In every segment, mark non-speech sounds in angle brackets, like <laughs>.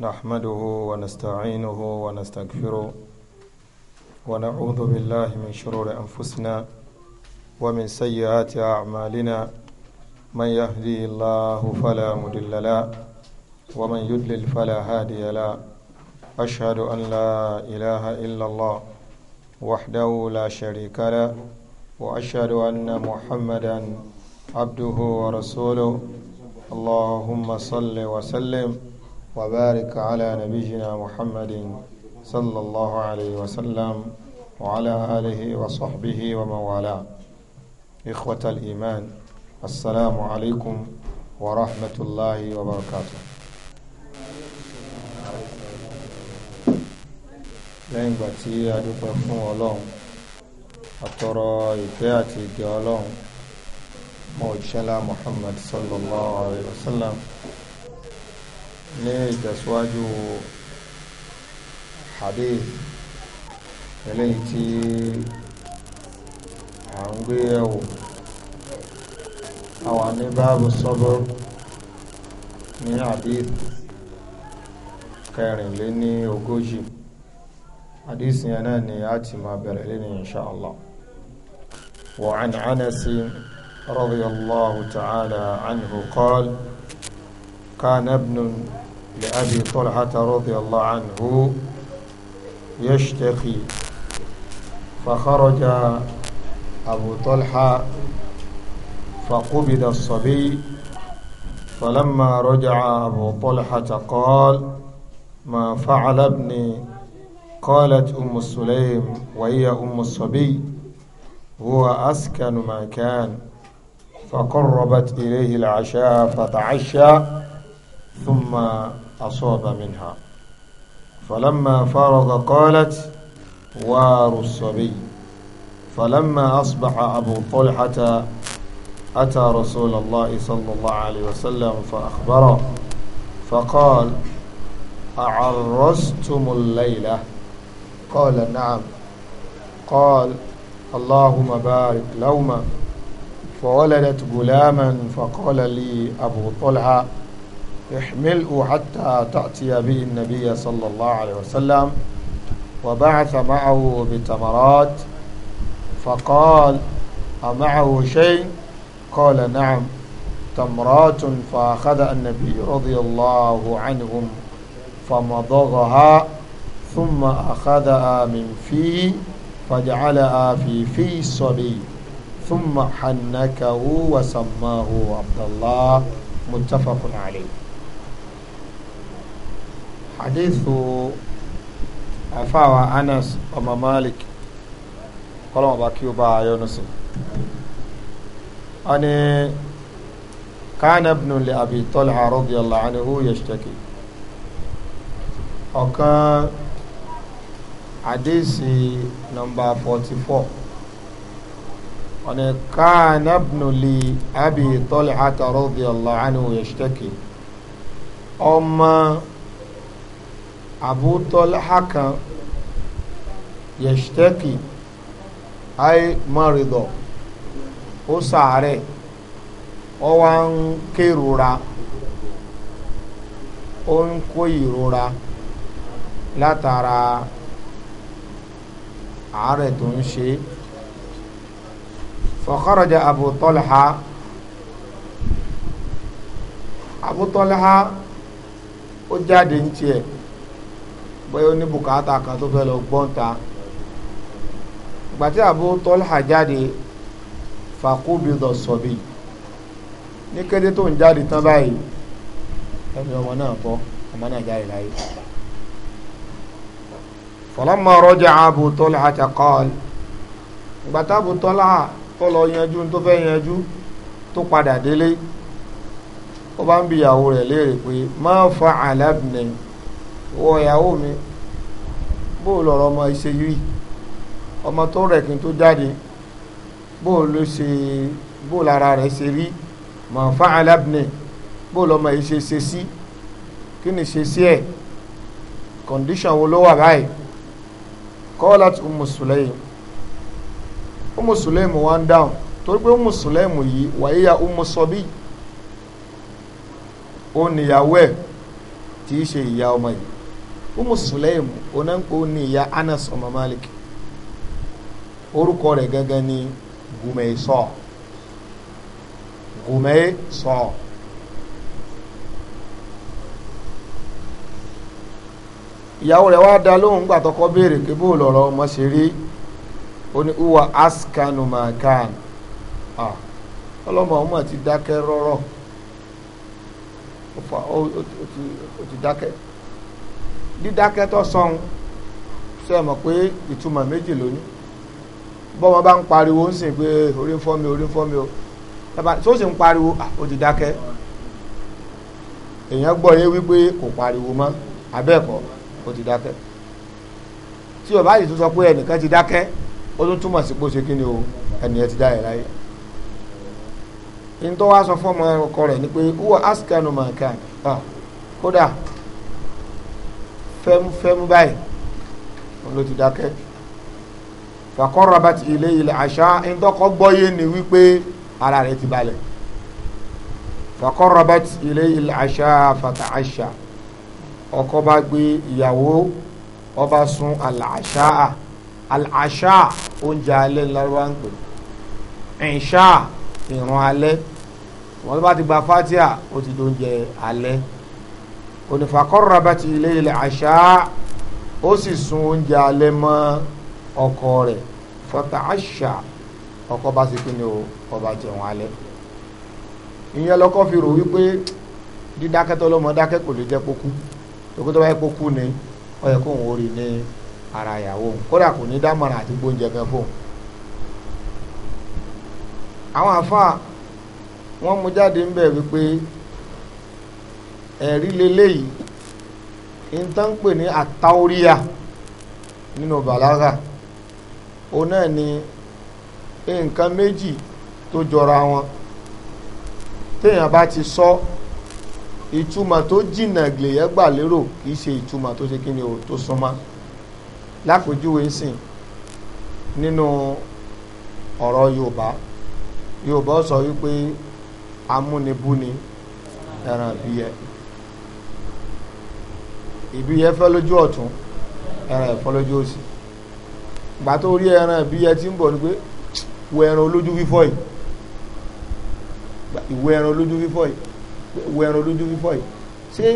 نحمده ونستعينه ونستغفره ونعوذ بالله من شرور أنفسنا ومن سيئات أعمالنا من يهدي الله فلا مضل له ومن يضلل فلا هادي له أشهد أن لا إله إلا الله وحده لا شريك له وأشهد أن محمدا عبده ورسوله اللهم صل وسلم وبارك على نبينا محمد صلى الله عليه وسلم وعلى آله وصحبه وموالاه إخوة الإيمان السلام عليكم ورحمة الله وبركاته lẹ́yìn ìgbà tí a fún ọlọ́run àtọrọ ìfẹ́ àti ìdí ọlọ́run mọ́ òjíṣẹ́lá Muhammad sallallahu alayhi wa sallam ní ìtẹ̀síwájú hadith eléyìí tí à ń gbé ẹ̀wò àwa ní báàbù sọ́bọ̀ ní hadith kẹrìnléní ogójì hadith yẹn náà ni a ti máa bẹ̀rẹ̀ lẹ́ni inṣáàlá وعن أنس رضي الله تعالى عنه قال كان ابن لأبي طلحة رضي الله عنه يشتخي فخرج أبو طلحة فقبض الصبي فلما رجع أبو طلحة قال ما فعل ابني قالت أم السليم وهي أم الصبي هو أسكن ما كان فقربت إليه العشاء فتعشى ثم أصاب منها فلما فرغ قالت وار الصبي فلما أصبح أبو طلحة أتى رسول الله صلى الله عليه وسلم فأخبره فقال أعرستم الليلة قال نعم قال اللهم بارك لوما فولدت غلاما فقال لي أبو طلحة احمله حتى تأتي به النبي صلى الله عليه وسلم وبعث معه بتمرات فقال أمعه شيء قال نعم تمرات فأخذ النبي رضي الله عنهم فمضغها ثم أخذها من فيه فجعلها في في صبي ثم حنكه وسماه عبد الله متفق عليه àdéhùn àfáwà anas ọmọ malik kọ́lọ́mọ̀ bá kí o bá yọnu sí wọ́n ni kánà ibn li abi talha radiyallahu anhu yashtaki ọ̀kan àdéhùn nọmba 44 wọ́n ni kánà ibn li abi talha radiyallahu anhu yashtaki ọmọ Abu Talha kan yẹ̀ṣtẹ́kì ayé mọ́rìdọ̀ ó sàárẹ̀ ó wá ń kérora ó ń kó ìrora látara àárẹ̀ tó ń ṣe fa Abu Talha Abu Talha ó jáde ní tiẹ̀ bóyá ó ní bùkátà kan tó fẹ́ lọ gbọ́n ta ìgbà tí Abu Talha jáde fàkúbìdọ̀ sọ̀bì ní kété tó ń jáde tán báyìí ẹni ọmọ náà bọ́ ọmọ náà jáde láyé falamma raja'a Abu Talha qala ìgbà tí Abu Talha tó yanjú tó fẹ́ yanjú tó padà délé ó bá ń bi ìyàwó rẹ̀ léèrè pé ma fa'ala ibni wọ ìyàwó mi bóò lọ̀rọ̀ ọmọ ìṣe yìí ọmọ tó rẹ̀ kí n tó jáde bóò ló ṣe bóò lára rẹ̀ ṣe rí mọ̀ fún alábìnrin bóò lọmọ ìṣe ṣe sí kí ni ṣe sí ẹ̀ kọ̀ǹdíṣàn wo ló wà báyìí kọ́lá tí Ummu Sulaym Ummu Sulaym wá ń dáhùn torí pé Ummu Sulaym yìí wàyíyá Ummu Sabi ó níyàwó ẹ̀ tí í ṣe ìyá ọmọ yìí umu sulaim onanko ni ìyá anas ọmọ malik orúkọ rẹ̀ gangan ni gùmẹ̀sọ gùmẹ̀sọ ìyàwó rẹ̀ wá dá lóhùn gbà tọkọ béèrè pé bó lọ̀rọ̀ ọmọ ṣe rí ó ní uwa askanu makan ọlọ́mọ ọmọ ti dákẹ́ rọ́rọ́ ó ti dákẹ́ dídákẹ́tọ̀ sọ̀hún ṣe é mọ̀ pé ìtumọ̀ méjì lónìí bọ́mọ bá ń pariwo ń sìn pé orí ń fọ́ mi orí ń fọ́ mi o tó sì ń pariwo ó ti dákẹ́ èèyàn gbọ́ yé wípé kò pariwo mọ́ abẹ́ẹ̀kọ́ ó ti dákẹ́ tí o bá yìí tún sọ pé ẹnìkan ti dákẹ́ ó tún túmọ̀ sí pé ó ṣe kí ni o ẹnìyẹn ti dá ẹ̀ láyé ní tó wá sọ fọ́mọ ọkọ rẹ̀ ni pé wúwo askanu mọ̀ọ́kà kódà fẹ́múfẹ́mú báyìí wọn ló ti dákẹ́ faqarrabat ilayhi al-asha ńdọ́kọ́ gbọ́yé ni wípé ara rẹ̀ ti balẹ̀ faqarrabat ilayhi al-asha fata'asha ọkọ bá gbé ìyàwó ọba sun al-asha al-asha oúnjẹ alẹ́ lọ́wọ́ ń pè ìṣá ìrún alẹ́ wọ́n bá ti gba fatia ó ti dóúnjẹ alẹ́. onífàkọ́rọ̀ bá ti ilé ilẹ̀ àṣà ó sì sun oúnjẹ alẹ́ mọ́ ọkọ rẹ̀ fọta àṣà ọkọ bá sì pinnu ọba jẹun alẹ́ ìyẹn lọkọ fi rò wípé dídákẹ́tọ́ lọ́mọ dákẹ́ kò lè jẹ́ pokú tókó tó pokú ni ó kóun rí ní ara ìyàwó kódà kò ní dámọ̀ràn àti gbóúnjẹ kan àwọn wọn ẹ̀rí leléyìí in tó ń pè ní àtàóríà nínú bàlágà o náà ni nǹkan méjì tó jọra wọn téèyàn bá ti sọ ìtumọ̀ tó jìnnà gbèyẹ́ gbà lérò kìí ṣe ìtumọ̀ tó ṣe kíni o tó súnmọ́ lápèjúwe sìn nínú ọ̀rọ̀ Yorùbá Yorùbá sọ wípé amúnibúni ẹran ìbíyẹ ìbí yẹn fẹ́ lójú ọ̀tún ẹran ẹ̀fọ́ lójú òsì gbà tó rí ẹran ìbí yẹn ti ń bọ̀ ni pé wo ẹran olójú fífọ́ yìí ìwo ẹran olójú fífọ́ yìí wo ẹran olójú fífọ́ yìí ṣé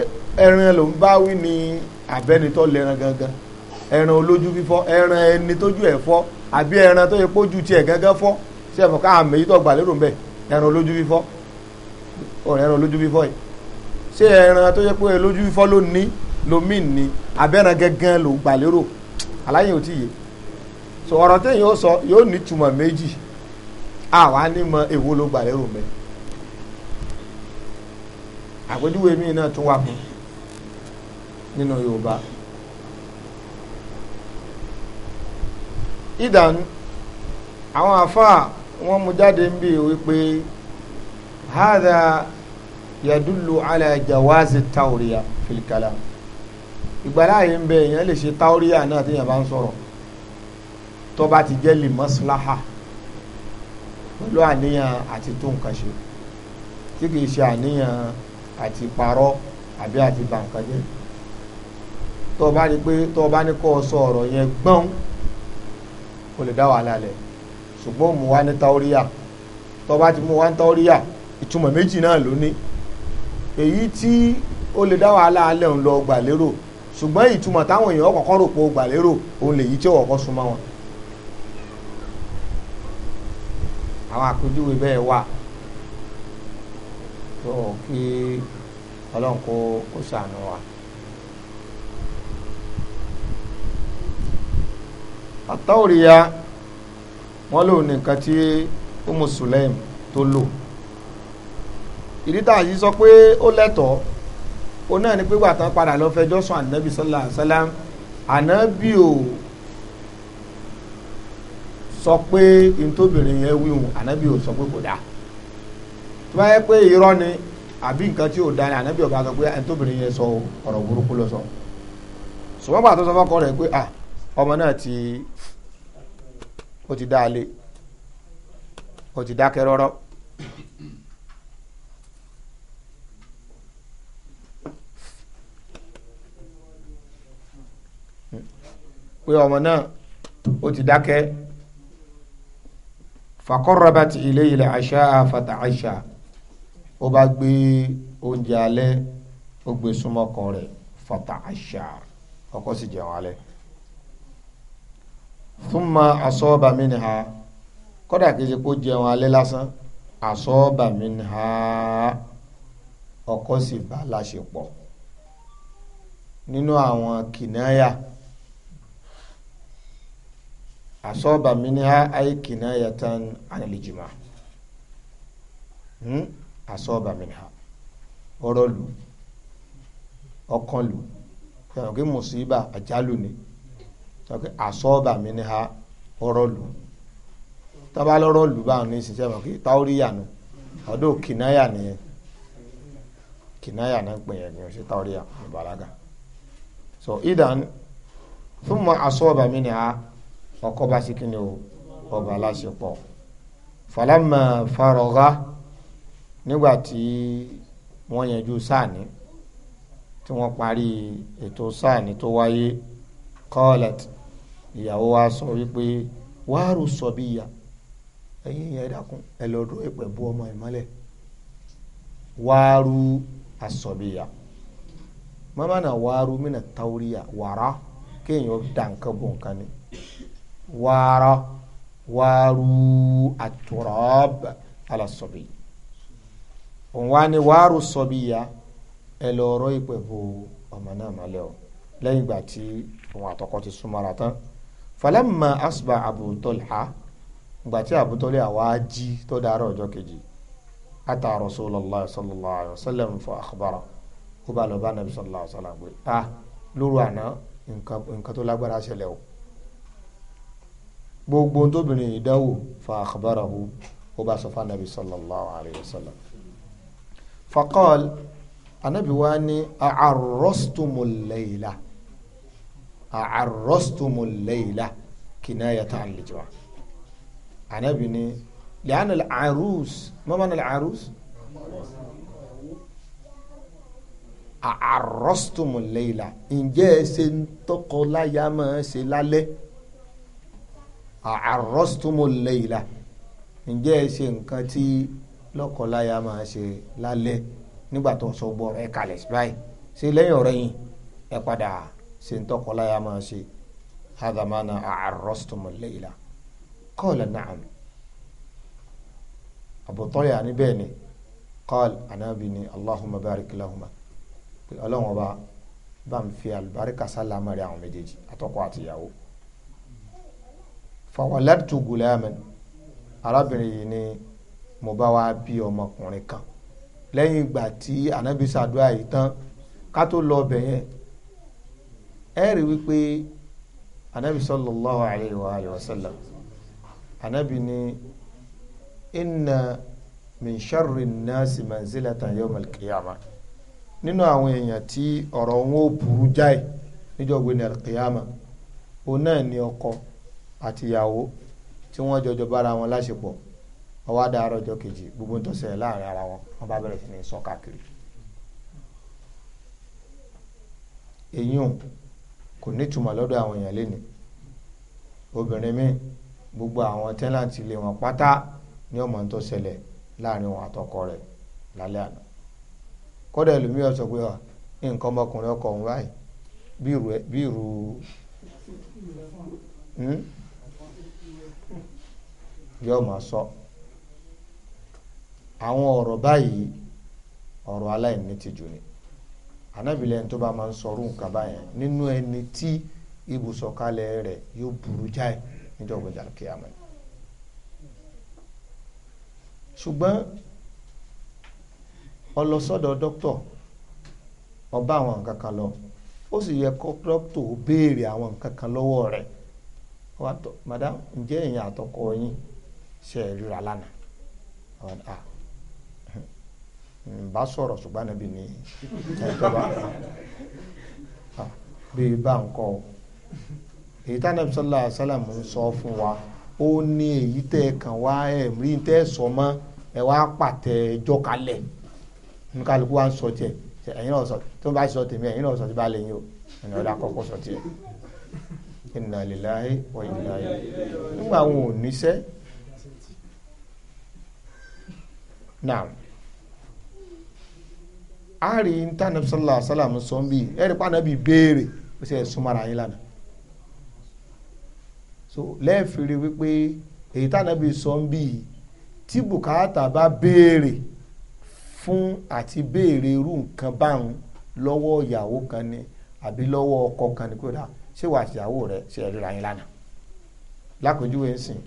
ẹran ló ń bá wí ni àbẹ́nitọ́ lẹ́ran gangan ẹran olójú fífọ́ ẹran ẹni tójú ẹ̀ fọ́ àbí ẹran tó yẹ pójú tiẹ̀ gangan fọ́ ṣé ẹ̀fọ́ ká àmì yìí tó gbà lérò ń bẹ̀ ẹran olójú fífọ́ ẹran olójú fífọ́ yìí ṣé ẹran tó yẹ pé olójú fífọ́ ló ní lomi ni abẹ́ran gángan ló gbà lérò aláyẹ̀ tí yé so ọ̀rọ̀ téèyàn ó sọ yóò ní túmọ̀ méjì àwa ní mọ èwo ló gbà lérò mẹ́ àpèjúwe mi náà tún wà fún nínú Yorùbá ìdánù àwọn àfáà wọ́n mú jáde ń bí wípé hadha yadullu ala jawazi tawriya fil ìgbàláyé ń bẹ èèyàn lè ṣe táóríyà náà téèyàn bá ń sọ̀rọ̀ tó bá ti jẹ́ lè mọ́síláhà pẹ̀lú àníyàn àti tó nǹkan ṣe tí kìí ṣe àníyàn àti parọ́ àbí àti bà nǹkan jẹ́ tó bá ní pé tó bá ní kó o sọ ọ̀rọ̀ yẹn gbọ́n o lè dá wàhálà lẹ̀ ṣùgbọ́n mo wá ní táóríyà tó bá ti mú wá ní táóríyà ìtumọ̀ méjì náà ló èyí tí ó lè dá wàhálà alẹ́ òun lọ gbà ṣùgbọ́n ìtumọ̀ táwọn èèyàn kọ̀ọ̀kan rò pé o gbà lérò òun lèyí tí ó kọ̀ọ̀kan súnmọ́ wọn. àwọn àpèjúwe bẹ́ẹ̀ wà tó kí ọlọ́run kó kó wa. àtọ́wòrìyá wọ́n lò nìkan tí Umu Sulaim tó lò ìdí yìí sọ pé ó lẹ́tọ̀ọ́ o náà ní pípa tán padà lọ fẹjọ́ sùn ànábì sọlá sálám ànábì ò sọ pé ntóbìnrin yẹn wíwùn ànábì ò sọ pé kò dáa tó bá yẹ pé irọ́ ni àbí nǹkan tí ò da ni ànábì ọba sọ pé ntóbìnrin yẹn sọ ọ̀rọ̀ burúkú lọ sọ ṣùgbọ́n bàtọ́ sọ fọ́kọ rẹ̀ pé ah ọmọ náà ti ó ti dá a lé ó ti dákẹ́ rọ́rọ́ pé ọmọ náà ó ti dákẹ́ fàkọ́rọ́bàtì ilé ilẹ̀ àṣà àfàtà àṣà ó bá gbé oúnjẹ alẹ́ ó gbé súnmọ́kọ rẹ̀ fàtà àṣà ọkọ sì jẹun alẹ́ thumma asọ́ọ̀bà minha kọ́dà kìí ṣe kó jẹun alẹ́ lásán asọ́ọ̀bà minha ọkọ sì bá láṣepọ̀ nínú àwọn kìnnáyà. asaba minha ay kinayatan an alijima hmm? asaba ha ọ̀rọ̀ lu ọkàn lu fẹ́ràn kí mùsíbà àjálù ni asaba minha ọ̀rọ̀ lu tábà lọ́rọ̀ lu báwọn ní ìsinsẹ́ mọ̀ kí táwóríyà nu ọdún kìnnáyà balaga so idan asọọba asaba ha. ọkọ bá ṣe kíni o ọba aláṣepọ̀ falama farọga nígbà tí wọ́n yanjú sáàni tí wọ́n parí ètò sáàni tó wáyé kọ́ọ̀lẹ̀t ìyàwó wa sọ wípé wàárù sọ bí ìyá ẹ̀yin ìyá ẹ̀dàkùn ẹ lọ dúró ìpẹ̀ bú ọmọ ìmọ́lẹ̀ wàárù asọ̀bíyà mọ́mọ́ náà wàárù mí náà táwíríyà wàrà kéèyàn dà nǹkan ni waara waaru aturab ala sobi òun wá ní waaru sobi ya ẹ lọ ọ̀rọ̀ ìpè bo ọmọ náà malẹ o lẹ́yìn ìgbà tí òun àtọkọ ti súnmọ́ra tán falamma asba abu tolha ìgbà tí abu tolha wá jí tó dára ọjọ́ kejì ata rasulallah sallallahu alayhi wa sallam fa akhbara ó nabi sallallahu alayhi wa sallam ah lóru àná nǹkan tó lágbára ṣẹlẹ̀ gbogbo tóbìnrin yìí dánwò fa akhbarahu ó bá sọ fún anabi sallallahu alayhi wa sallam faqal anabi wa ni acarostumul layla acarostumul layla kinayata an lijma anabi ni lian alcarus ma mana alcarus acarostumul ǹjẹ́ ẹ ṣe ń tọkọ láyà máa ṣe lálẹ́ àrọ́sítúmọ̀ lẹ́yìnlá ǹjẹ́ ẹ ṣe nǹkan tí lọ́kọ̀láyà máa ṣe lálẹ́ nígbà tó ń sọ gbọ́ ẹ kalẹ̀ báyìí ṣe lẹ́yìn ọ̀rẹ́ yìí ẹ padà ṣe ń tọkọláyà máa ṣe hadamana àrọ́sítúmọ̀ lẹ́yìnlá kọ́ọ̀lá naam àbùtọ́yà níbẹ̀ ni kọ́ọ̀lá anábì ni allahumma barik lahuma ọlọ́run bá ń fi àlùbáríkà sálàmù rẹ̀ àwọn méjèèjì àtọkọ àtìyàwó fawalatu gulaman arábìnrin yìí ni mo bá wá bí ọmọkùnrin kan lẹ́yìn ìgbà tí anabi ṣàdúrà yìí tán ká tó lọ ọbẹ̀ yẹn ẹ rí wípé anabi sallallahu alayhi wa alayhi wa sallam anabi ni inna min sharri nnaasi manzilatan yawm al nínú àwọn èèyàn tí ọ̀rọ̀ wọn ò burú jáì níjọ́ gbé ní al òun náà ni ọkọ àtìyàwó tí wọ́n jọjọ bára wọn láṣepọ̀ wọ́n wá dáárọ̀ ọjọ́ kejì gbogbo ń tó ṣẹlẹ̀ láàrin ara wọn wọ́n bá bẹ̀rẹ̀ sí ní sọ káàkiri. èyún kò nítumọ̀ lọ́dọ̀ àwọn èèyàn lé ní obìnrin míì gbogbo àwọn tẹ́láǹtì ilé wọn pátá ní ọmọ tó ṣẹlẹ̀ láàrin wọn àtọkọ rẹ̀ lálẹ́ àná kọ́dà ẹlòmíràn sọ pé nǹkan ọmọkùnrin ọkọ òun báyìí bí irú hmm? yóò ma sọ àwọn ọ̀rọ̀ báyìí ọ̀rọ̀ aláìní jù ni anábìlẹ̀ tó bá máa ń sọrú nǹkan báyẹn nínú ẹni tí ibùsọ̀kalẹ̀ rẹ̀ yóò burú jáì níjọ́ gbọ́dọ̀ kíámẹ́ ṣùgbọ́n ọlọ́sọ́dọ̀ dókítọ̀ ọba àwọn nǹkan kan lọ ó sì yẹ kó béèrè àwọn nǹkan kan lọ́wọ́ rẹ̀ madam ǹjẹ́ àtọkọ yín se é ríra lánàá àwọn ni ah n bá sọ̀rọ̀ ṣùgbọ́n Ànábì ní ìjọba bí bá ń kọ́ èyí tí Ànábì sallallahu alaihi wasallam ń sọ fún wa ó ní èyí tẹ́ kàn wá ẹ̀ rí tẹ́ sọ mọ́ ẹ wá pàtẹ ẹjọ́ kalẹ̀ nkálukú wa ń sọ tiẹ̀ ẹ̀yin náà sọ tó ń bá sọ tèmi ẹ̀yin náà sọ ti bá lè yín o ẹ̀yin náà kọ́kọ́ sọ tiẹ̀ inna lillahi wa inna ilaihi nígbà àwọn ò níṣẹ́ náà a rí ntànàbí sọlá sálàmù sọ́nbí ẹ̀rí beere béèrè ó sì ẹ̀sùn yín so lẹ́ẹ̀fìrí wípé èyí tànàbí sọ́nbí tí bùkátà bá béèrè fún àti béèrè irú nǹkan báwọn lọ́wọ́ ìyàwó kan ni àbí lọ́wọ́ ọkọ kan ni kódà ṣé wà rẹ ṣe ẹ̀rí ra yín ń sìn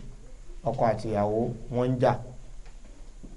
ọkọ ń jà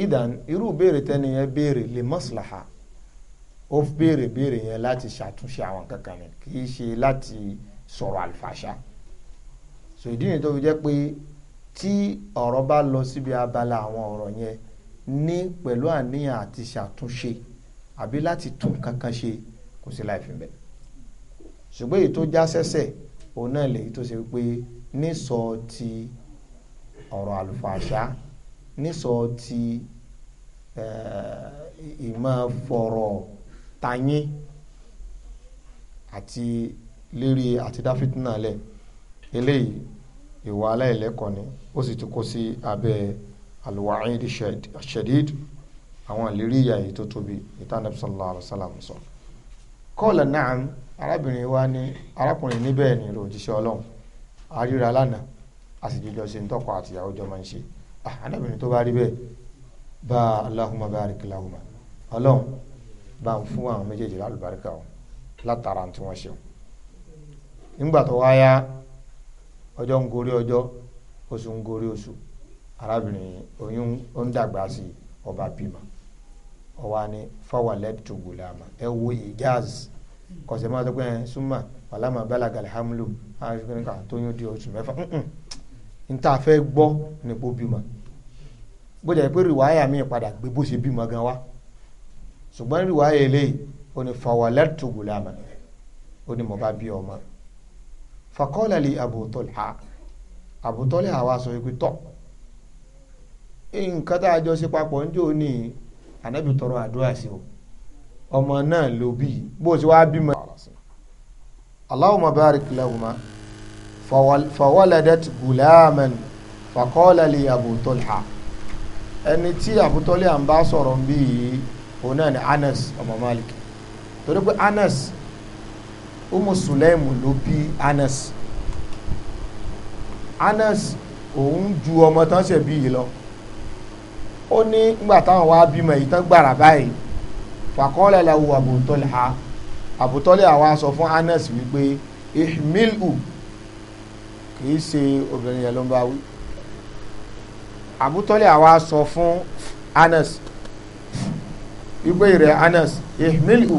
idan irú béèrè tẹ́ni yẹn béèrè lè maslaha ó béèrè béèrè yẹn láti ṣàtúnṣe àwọn kankan ni kì í ṣe láti sọ̀rọ̀ àlùfàṣà so ìdí nìyẹn tó fi jẹ́ pé tí ọ̀rọ̀ bá lọ síbi abala àwọn ọ̀rọ̀ yẹn ní pẹ̀lú àníyàn àti ṣàtúnṣe àbí láti tún kankan ṣe kò sí láì bẹ́ẹ̀ ṣùgbọ́n èyí tó já sẹ́sẹ̀ òun náà lèyí tó ṣe pé nísọ ti ọ̀rọ̀ àlùfàṣà nísọ ti ìmọ̀ fọ̀rọ̀ tayín àti lérí àti dáfítínà lẹ̀ eléyìí ìwà aláìlẹ́kọ̀ọ́ ni ó sì ti kó sí abẹ́ alwaid shadid àwọn ìlérí ìyà yìí tó tóbi ìtànàbí sallallahu alaihi wasallam sọ kọ́ọ̀lá náà arábìnrin wa ní arákùnrin níbẹ̀ ni ìròjíṣẹ́ ọlọ́run àríra lánàá a sì jíjọ ṣe ń tọ́kọ àtìyàwó jọ máa ń ṣe Ah, ana bini to baari be ba allahuma barik lahuma alon ba n fun awon mejeje la alubarika o latara ti won seun nigba to waya ojo n gori ojo osu n gori osu arabinrin oyun o n dagba si oba bima o wa ni fawa lebtu gulama e wo ijaz kose ma to pe suma wala ma balaga alhamdu a ah, fi kan to yun di osu mefa mm níta fẹ́ gbọ́ nípò bímọ bó jẹ́ rìwáyà mi padà gbé bó ṣe bímọ gan wa ṣùgbọ́n rìwáyà eléyìí ó ní fawalatu gulaman ó ní bí ọmọ sọ nǹkan tá a jọ ṣe papọ̀ ń jò ní ànábì tọrọ àdúrà sí o ọmọ náà ló bí bó ṣe wá bímọ. fawaladat gulaman fakọ́lá lè Abu Talha ẹni tí Abu Talha ń bá sọ̀rọ̀ bí yìí òun náà ni Anas ọmọ Malik torí pé Anas Umu Sulaim ló bí Anas Anas òun ju ọmọ tán ṣe bí yìí lọ ó ní ngbà táwọn wá bímọ èyí tán gbàrà báyìí fakọ́lá làwọn Abu Talha Abu àwa sọ fún Anas wípé ihmilu kìí ṣe obìnrin yẹn ló ń bá wí àbútọ́lẹ̀ àwa sọ fún Anas wípé rẹ̀ Anas ihmilu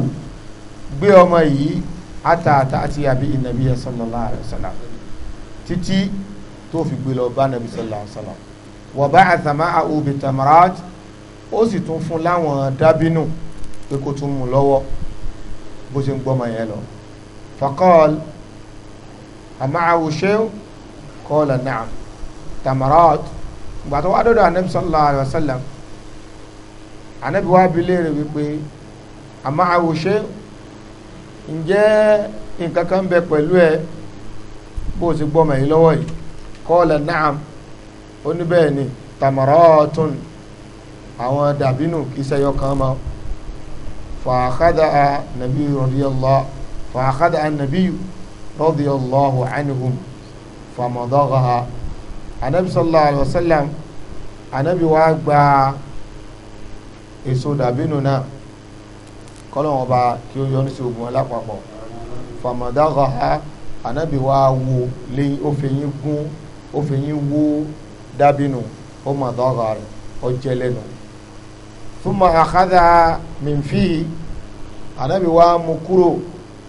gbé ọmọ yìí àtàtà àti àbí ìnàbí sallallahu alaihi wasallam títí tó fi gbé lọ bá nàbí sallallahu alaihi wasallam wa ba'atha ma'ahu bi tamarat ó sì tún fún láwọn dábínú pé kó tún mú lọ́wọ́ bó ṣe ń gbọ́mọ yẹn lọ faqal ama'ahu shay'un kọ́ọ̀lá naam tamarat ìgbà tó wá dọ́dọ̀ anabi sallallahu alayhi wa sallam anabi wá bi léèrè wípé àmọ́ àwòṣe ǹjẹ́ nǹkan kan bẹ pẹ̀lú ẹ bó o ti gbọ́mọ̀ yìí lọ́wọ́ yìí kọ́ọ̀lá naam ó ní bẹ́ẹ̀ ni tamaratun àwọn dàbínú kìsẹ́yọ kan máa fàákàdà nàbí rọ̀díyàlá fàákàdà nàbí rọ̀díyàlá anhum famadaghaha anabi sallallahu alayhi wa sallam anabi wa gba èso dàbínú náà kọ́lọ́n ọba kí ó yọnu sí ogun alápapọ̀ famadaghaha anabi wa wo lé òfìyín gún òfìyín wó dàbínú ó mà dọ́gà rẹ̀ ó jẹ́ lẹ́nu anabi wa mú kúrò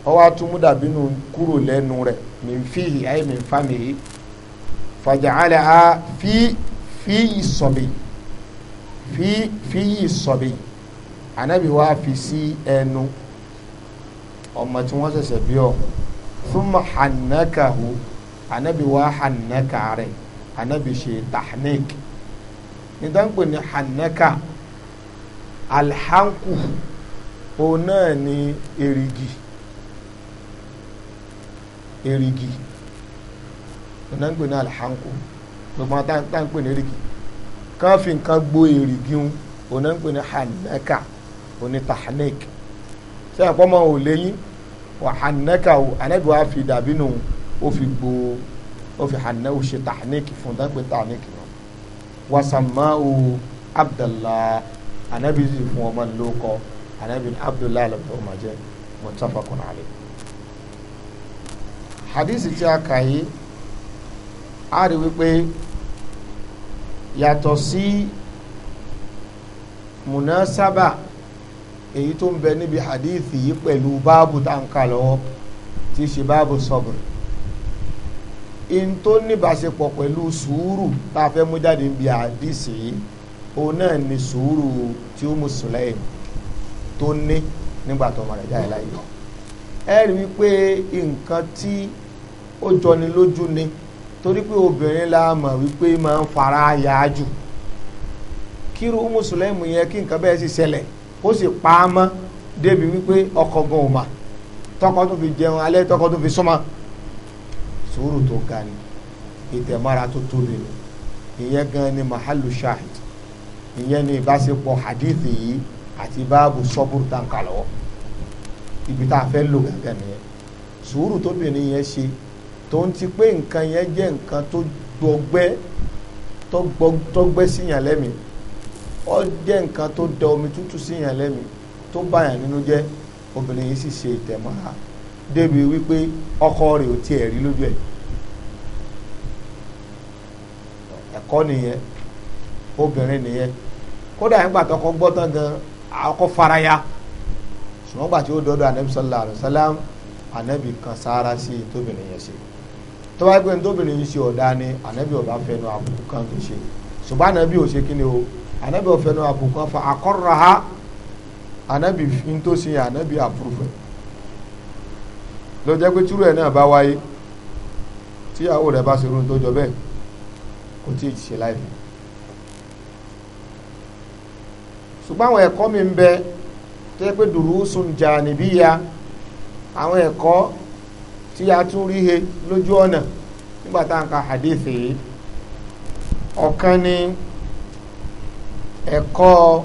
ó wá tún mú dàbínú kúrò lẹ́nu rẹ̀ min fihi ay min famihi fajacalaha fi fiyi sọbi fi fiyi sọbi anabi wa fi sí ẹnu ọmọ tí wọ́n ṣẹ̀ṣẹ̀ bí ọ thumma hannakahu anabi wa hannaka rẹ̀ anabi ṣe tahnik nítorí ní hannaka alhanku òun náà ni erigi erigi ọ̀nà ń pè ní alhanko gbogbo àwọn tá ń pè ní erigi kán fi nǹkan gbó erigi ń ọ̀nà ń pè ní hanaka oní tahnik ṣé ẹ̀pọ́ ò léyìn wà hanaka o anábì wa fi dàbí nù ó fi gbó ó fi hanẹ́ ó ṣe tahnik fún tá ń pè tahnik náà wàsàmá o abdallah anábì sì fún ọmọ lóko anábì abdullah alabdullah ọmọ jẹ muttafaqun alayhi hadith tí a kà yìí a rí wípé yàtọ̀ sí munasaba èyí tó ń bẹ níbi hadith yìí pẹ̀lú báàbù tá n kà lọ́wọ́ tí í ṣe báàbù sọ̀bùn in tó níbàṣepọ̀ pẹ̀lú sùúrù tá a fẹ́ mú jáde níbi hadith yìí òun náà ni sùúrù tí ó mú sùlẹ̀yìn tó ní nígbà tó ọmọ rẹ̀ jáde láyé ẹ rí wípé nǹkan tí ó jọni lójú ni torí pé obìnrin la mọ̀ wípé máa ń fara yáájú kírú mùsùlùmí yẹn kí nǹkan bẹ́ẹ̀ sì ṣẹlẹ̀ ó sì pa á mọ́ débi wípé ọkọ gan ò mà tọkọ tó fi jẹun alẹ́ tọkọ tó fi súnmọ́ sùúrù tó ga ni ìtẹ̀mára tó tóbi ni ìyẹn gan ni mahalu shahid ìyẹn ni ìbáṣepọ̀ hadithi yìí àti báàbù sọ́bùrù tá n kà lọ́wọ́ ibi tá a fẹ́ lò gàgà nìyẹn sùúrù tóbi ni yẹn ṣe tó ń ti pé nǹkan yẹn jẹ́ nǹkan tó gbọgbẹ́ tó gbẹ́ ó jẹ́ nǹkan tó da omi tútù tó báyàn nínú jẹ́ obìnrin yìí sì ṣe ìtẹ̀mọ́ra ọkọ rẹ̀ ò tiẹ̀ rí lójú ẹ̀ ẹ̀kọ́ nìyẹn obìnrin nìyẹn kódà nígbà tọkọ gbọ́ ọkọ faraya ṣùgbọ́n gbà tí ó dọ́dọ̀ anabi sallallahu anabi kan sára sí tóbi nìyẹn ṣe. tó wáyé pé ní tóbìnrin yìí ṣe ọ̀dà ni ànábì ọba fẹnu àbùkù kan ṣe ṣùgbọ́n ànábì ò ṣe kí ni o ànábì ò àbùkù kan fa akọ́rọ̀ ha ànábì ń tó ṣe ànábì àpúrúfẹ́ ló jẹ́ pé túrú ẹ̀ náà bá wáyé tíyàwó rẹ̀ bá ṣe irun tó jọ bẹ́ẹ̀ kò tí ì ṣe láìpẹ́ ṣùgbọ́n àwọn ẹ̀kọ́ mi ń bẹ tó yẹ pé dùrú sùn jà níbí ya àwọn ẹ̀kọ́ tí a tún rí he lójú ọ̀nà nígbà tá à ń ka hadith yìí ọ̀kan ni ẹ̀kọ́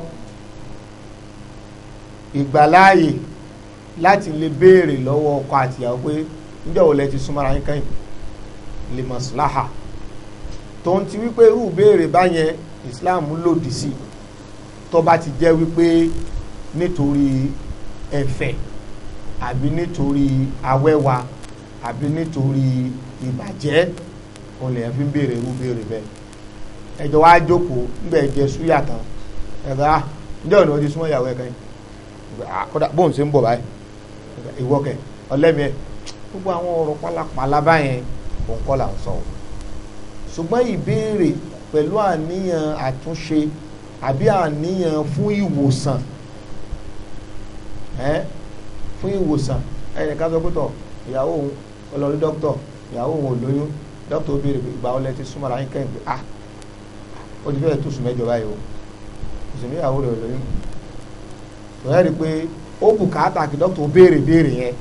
ìgbàláàyè láti lè béèrè lọ́wọ́ ọkọ àtìyàwó pé níjọ́ wo ti súnmọ́ra yín kẹ́yìn lè maslaha tòun ti wípé irú béèrè báyẹn Islam lòdì sí tó bá ti jẹ́ wípé nítorí ẹ̀fẹ̀ àbí nítorí awẹ́wa àbí nítorí ìbàjẹ́ olè fi ń béèrè irú béèrè bẹ́ẹ̀ ẹjọ́ wa jókòó níbẹ̀ jẹ súyà tán ẹ̀rọ a ǹjẹ́ ọ̀nà ọdí súnmọ́ ìyàwó ẹ̀kan yìí kódà bóun ṣe ń bọ̀ báyìí ìwọ kẹ ọlẹ́mi ẹ gbogbo àwọn ọ̀rọ̀ pálapàla báyẹn òun kọ́ là ń sọ ṣùgbọ́n ìbéèrè pẹ̀lú àníyàn àtúnṣe àbí àníyàn fún ìwòsàn fún ìwòsàn ẹnìkan sọ pé tọ ìyàwó òun ó lọ rí dókítọ̀ ìyàwó òun ò lóyún dókítà ó béèrè ìgbà ọlẹ́ ti súnmọ́ ara yín pé ah ó ti fẹ́ẹ̀ tó sùn mẹ́jọ báyìí o ìsìnkú ìyàwó rẹ̀ ò lóyún tòlẹ́ rí i pé ó bùkátà kí dókítà ó béèrè yẹn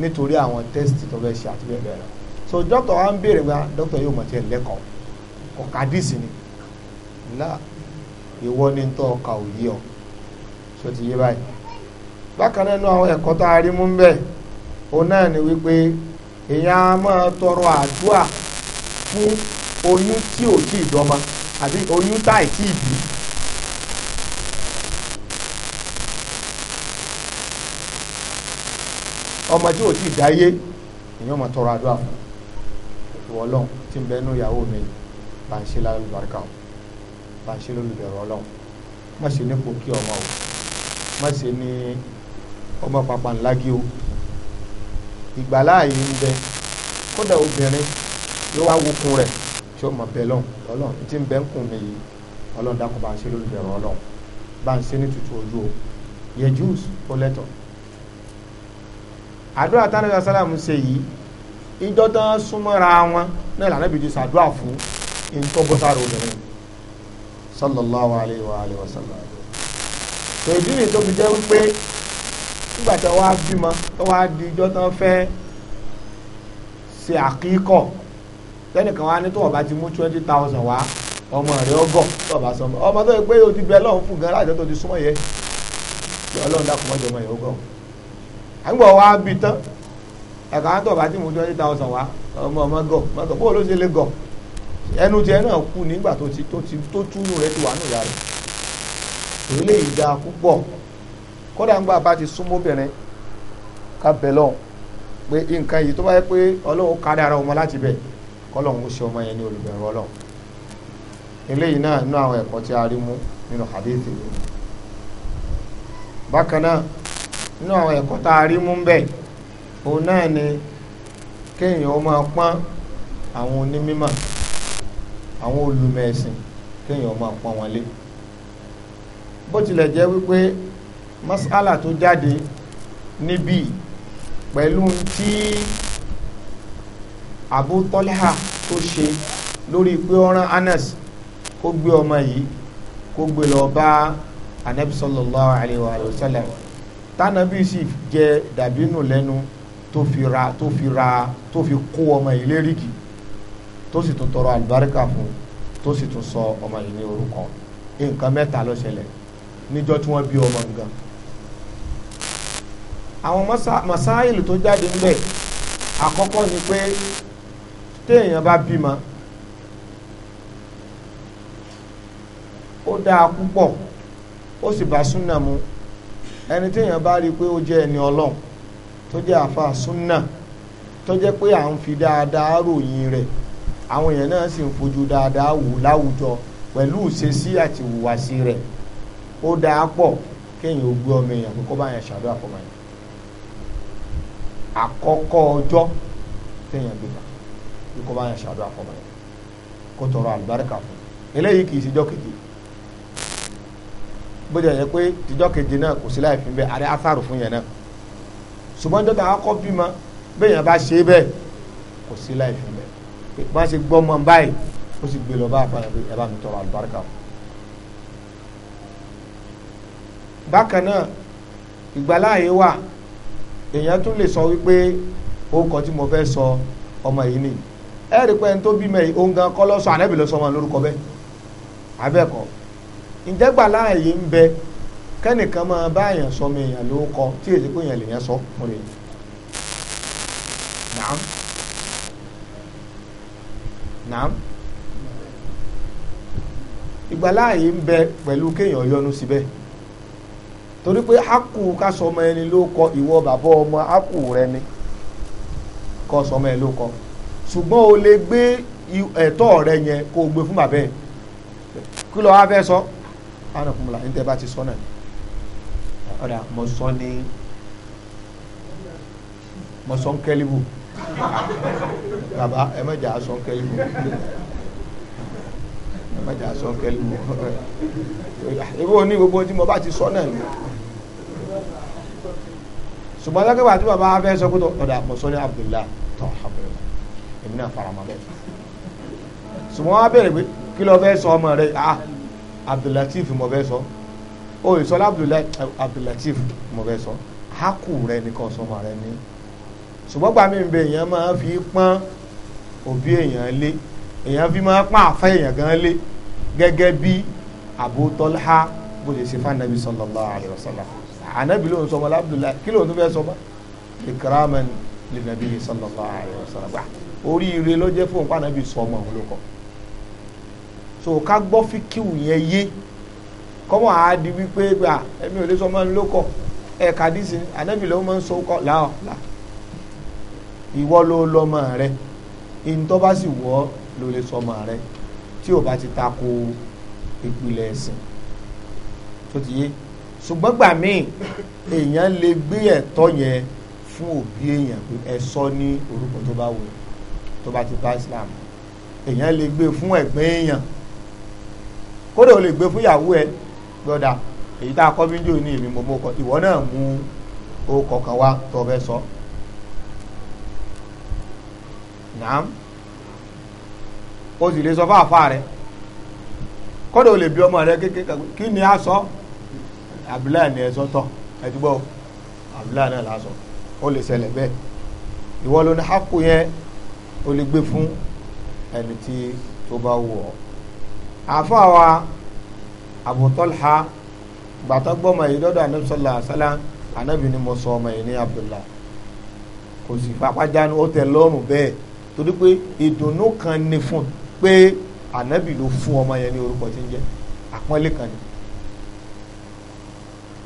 nítorí àwọn tẹ́sítì tó fẹ́ ṣe àti bẹ́ẹ̀ bẹ́ẹ̀ lọ so dókítà wa ń béèrè gba ah, dókítà yóò mọ̀ tiẹ̀ lẹ́kọ̀ọ́ ọ̀kadìsì ni ńlá ìwọ ní tọ́ ọkà òye ọ so ti yé báyìí bákan náà nínú àwọn ẹ̀kọ́ tá a rí mú ń òun náà ni wípé èèyàn á máa tọrọ àdúà fún oyún tí ò tí ì dọ́mọ àbí oyún tá ì tí ì bí. ọmọ tí ò tí ì dáyé èèyàn máa tọrọ àdúà fún ìwọ ọlọ́run tí ń bẹ́ẹ̀ ìyàwó mi bá ń ṣe lálùbáríkà o bá ń ṣe lólùbẹ̀rù ọlọ́run má ṣe ní kò kí ọmọ o má ṣe ní ọmọ pàpà ńlá gí o ìgbàláàyè ń bẹ kódà obìnrin ló wá wokun rẹ̀ tí ó mọ̀ bẹ́ẹ̀ lọ́hùn ọlọ́run tí ń bẹ́ ń kùn mí yìí ọlọ́run dákun bá ń ṣe lórí bẹ̀rẹ̀ ọlọ́run bá ń ṣe ní tutù ojú o yẹ jews ó lẹ́tọ̀ àdúrà tánà ìjọ sálàmù ṣe yìí ìjọ tán súnmọ́ra wọn náà lànà ìbìjú sàdúrà fún ìtọ́gbọ́sára obìnrin sallallahu alayhi wa alayhi wa sallam tòjú ni tó fi jẹ́ wípé nígbà tí wọ́n á bímọ tó wá di ijọ́ tán fẹ́ ṣe àkíkọ̀ lẹ́nìkan wá ní tó ọba ti mú twenty thousand wá ọmọ rẹ̀ ọgọ̀ tó ọba sọmọ ọmọ tó yẹ pé o ti bẹ lọ́hùn fún gan láti tó ti súnmọ́ yẹ kí ọlọ́run dákun mọ́jọ ọmọ yẹn ó gọ̀ọ́ àgbọ̀ wá bí tán ẹ̀ka tó ọba ti mú twenty thousand wá ọmọ ọmọ gọ̀ mọ́tò bó ló ṣe lè gọ̀ ẹnu tiẹ̀ náà kú nígbà tó ti tó túnú rẹ̀ ti wà nù yàrá òun lè yí kódà ńgbà bá ti súnmọ́ obìnrin ká bẹ̀ lọ́hùn pé nǹkan yìí tó bá yẹ pé ọlọ́run kárí ara ọmọ láti bẹ̀ kọ́lọ́run ó ṣe ọmọ yẹn ní olùbẹ̀rù ọlọ́run eléyìí náà nínú àwọn ẹ̀kọ́ tí a rí mú nínú hadith yìí bákan náà nínú àwọn ẹ̀kọ́ tá a rí mú bẹ́ẹ̀ òun náà ni kéèyàn ó máa pọ́n àwọn onímímọ̀ àwọn olùmẹ̀sìn kéèyàn ó máa pọ́n wọn lé bó tilẹ̀ jẹ́ wípé mas'ala tó jáde níbí pẹ̀lú tí Abu Talha tó ṣe lórí pé ó Anas kó gbé ọmọ yìí kó gbé lọ bá anabi sallallahu alayhi wa sallam tánàbí sì jẹ dàbínù lẹ́nu tó fi ra tó fi ra tó fi kó ọmọ yìí lérìkì tó sì tún tọrọ àlùbáríkà fún tó sì tún sọ ọmọ yìí ní orúkọ nǹkan mẹ́ta ló níjọ́ tí wọ́n bí ọmọ nǹkan àwọn masáìlì tó jáde ń bẹ̀ àkọ́kọ́ ni pé téèyàn bá bímọ ó dáa púpọ̀ ó sì bá súnà mu ẹni téèyàn bá rí i pé ó jẹ́ ẹni ọlọ́run tó jẹ́ àfa súnà tó jẹ́ pé à ń fi dáadáa ròyìn rẹ̀ àwọn èèyàn náà sì ń fojú dáadáa wò láwùjọ pẹ̀lú ìṣesí àti ìhùwàsí rẹ̀ ó dáa pọ̀ kéèyàn ó gbé ọmọ èèyàn kó bá yẹn ṣàdó àfọmọ́ yẹn àkọ́kọ́ ọjọ́ téèyàn gbé kan bí kò bá yàn ṣàdúrà fọmọ yẹn kó tọrọ àlùbáríkà fún eléyìí kì í ṣèjọ́ keje bó jẹ́ yẹ pé tìjọ́ keje náà kò sí láì fi bẹ́ẹ̀ àrẹ afárò fún yẹn náà ṣùgbọ́n jọ́ta akọ́ bímọ bẹ́ẹ̀ yẹn bá ṣe bẹ́ẹ̀ kò sí láì fi bẹ́ẹ̀ bá ṣe gbọ́ mọ́ báyìí ó sì gbé lọ bá àfààní pé ẹ bá mi tọrọ àlùbáríkà fún. bákan náà ìgbàláàyè wà èèyàn tún lè sọ wípé orúkọ tí mo fẹ́ sọ ọmọ yìí ni ẹ rí pé ẹni tó bímọ yìí òun gan kọ́ lọ́sọ ànábì ló sọ ọmọ lórúkọ bẹ́ẹ̀ abẹ́ẹ̀kọ́ ìjẹ́gbà láàyè yìí ń bẹ kẹ́nìkan máa bá èèyàn sọ ọmọ èèyàn lórúkọ tí èyí pé èèyàn lè yẹn sọ mo lè yìí. Naam. Naam. Ìgbàláàyè ń bẹ pẹ̀lú kéèyàn yọnu síbẹ̀. Si torí pé hákù ká sọmọ ẹni ló kọ ìwọ bàbá ọmọ hákù rẹ ni kọ sọmọ ẹ ló kọ ṣùgbọ́n o lè gbé ẹ̀tọ́ rẹ yẹn kó o gbé fún bàbá ẹ kí ló wá fẹ́ sọ ana fún mi la níta bá ti sọ náà ọ̀dà mo sọ ní mo sọ ń kẹ́líbù bàbá ẹ má sọ ń kẹ́líbù ẹ má jà sọ kẹlí mọ ìwọ ní gbogbo tí mo bá ti sọ náà ṣùgbọ́n lọ́kẹ́ tí bàbá fẹ́ sọ pé ọ̀dà mo ní Abdullahi tó alhamdulillah èmi náà fara mọ́ bẹ́ẹ̀ ṣùgbọ́n wọ́n bẹ̀rẹ̀ pé kí ló fẹ́ sọ ọmọ rẹ̀ ah Abdullatif mo fẹ́ sọ o ìsọlá Abdullatif mo fẹ́ sọ hákù rẹ nìkan sọmọ rẹ ní ṣùgbọ́n gbàmí ń bẹ máa fi pọ́n òbí èèyàn lé èèyàn fi máa pọ́n àfa èèyàn gan lé gẹ́gẹ́ bí Abu Talha bó ṣe ṣe fún anabi sallallahu alayhi wa sallam anabi ló ń sọmọ abdullahi kí ló ń tó fẹ́ sọmọ ikraman lè nàbí sallallahu alayhi wa sallam oríire ló jẹ́ fún òǹkà anabi sọmọ òun ló kọ́ so ká gbọ́ fíkìwù yẹn yé kọ́mọ̀ á di wípé gbà ẹ̀mí ò lè sọmọ ń lókọ̀ ẹ̀ kàdísì anabi ló máa ń sọ kọ́ làwọn ìwọ ló lọ́mọ rẹ̀ ló lè sọmọ rẹ tí ò bá ti tako ìpìlẹ̀ ẹ̀sìn tó ti yé ṣùgbọ́n gbà míì èèyàn lè gbé ẹ̀tọ́ yẹn fún òbí èèyàn pé ẹ ní orúkọ tó bá wù tó bá ti bá Islam èèyàn lè gbé fún ẹ̀gbẹ́ èèyàn kódà o lè gbé fún ìyàwó ẹ gbọ́dà èyí tá a kọ́ bí ní èmi mo mọ́ kọ ìwọ náà mú o kọ̀ọ̀kan wá tó o fẹ́ sọ. Naam o sì lè sọ fún àfa rẹ kódà o lè bí ọmọ rẹ kékeré kí ni a sọ abdullahi ni ẹ sọ tọ ẹ ti gbọ́ o abdullahi náà la sọ o lè ṣẹlẹ̀ bẹ́ẹ̀ ìwọ ló ní hapu yẹn o lè gbé fún ẹni tí tó bá wù ọ́ àfa wa Abu Talha gbàtà gbọmọ yìí dọdọ anabi sọlá sálá anabi ni mo sọ ọmọ yìí ní abdullahi kò sì fapá jánu ó tẹ lọ́rùn bẹ́ẹ̀ torí pé ìdùnnú kan ní fún un pé ànábì ló fún ọmọ yẹn ní orúkọ tí ń jẹ́ àpọ́nlé kan ni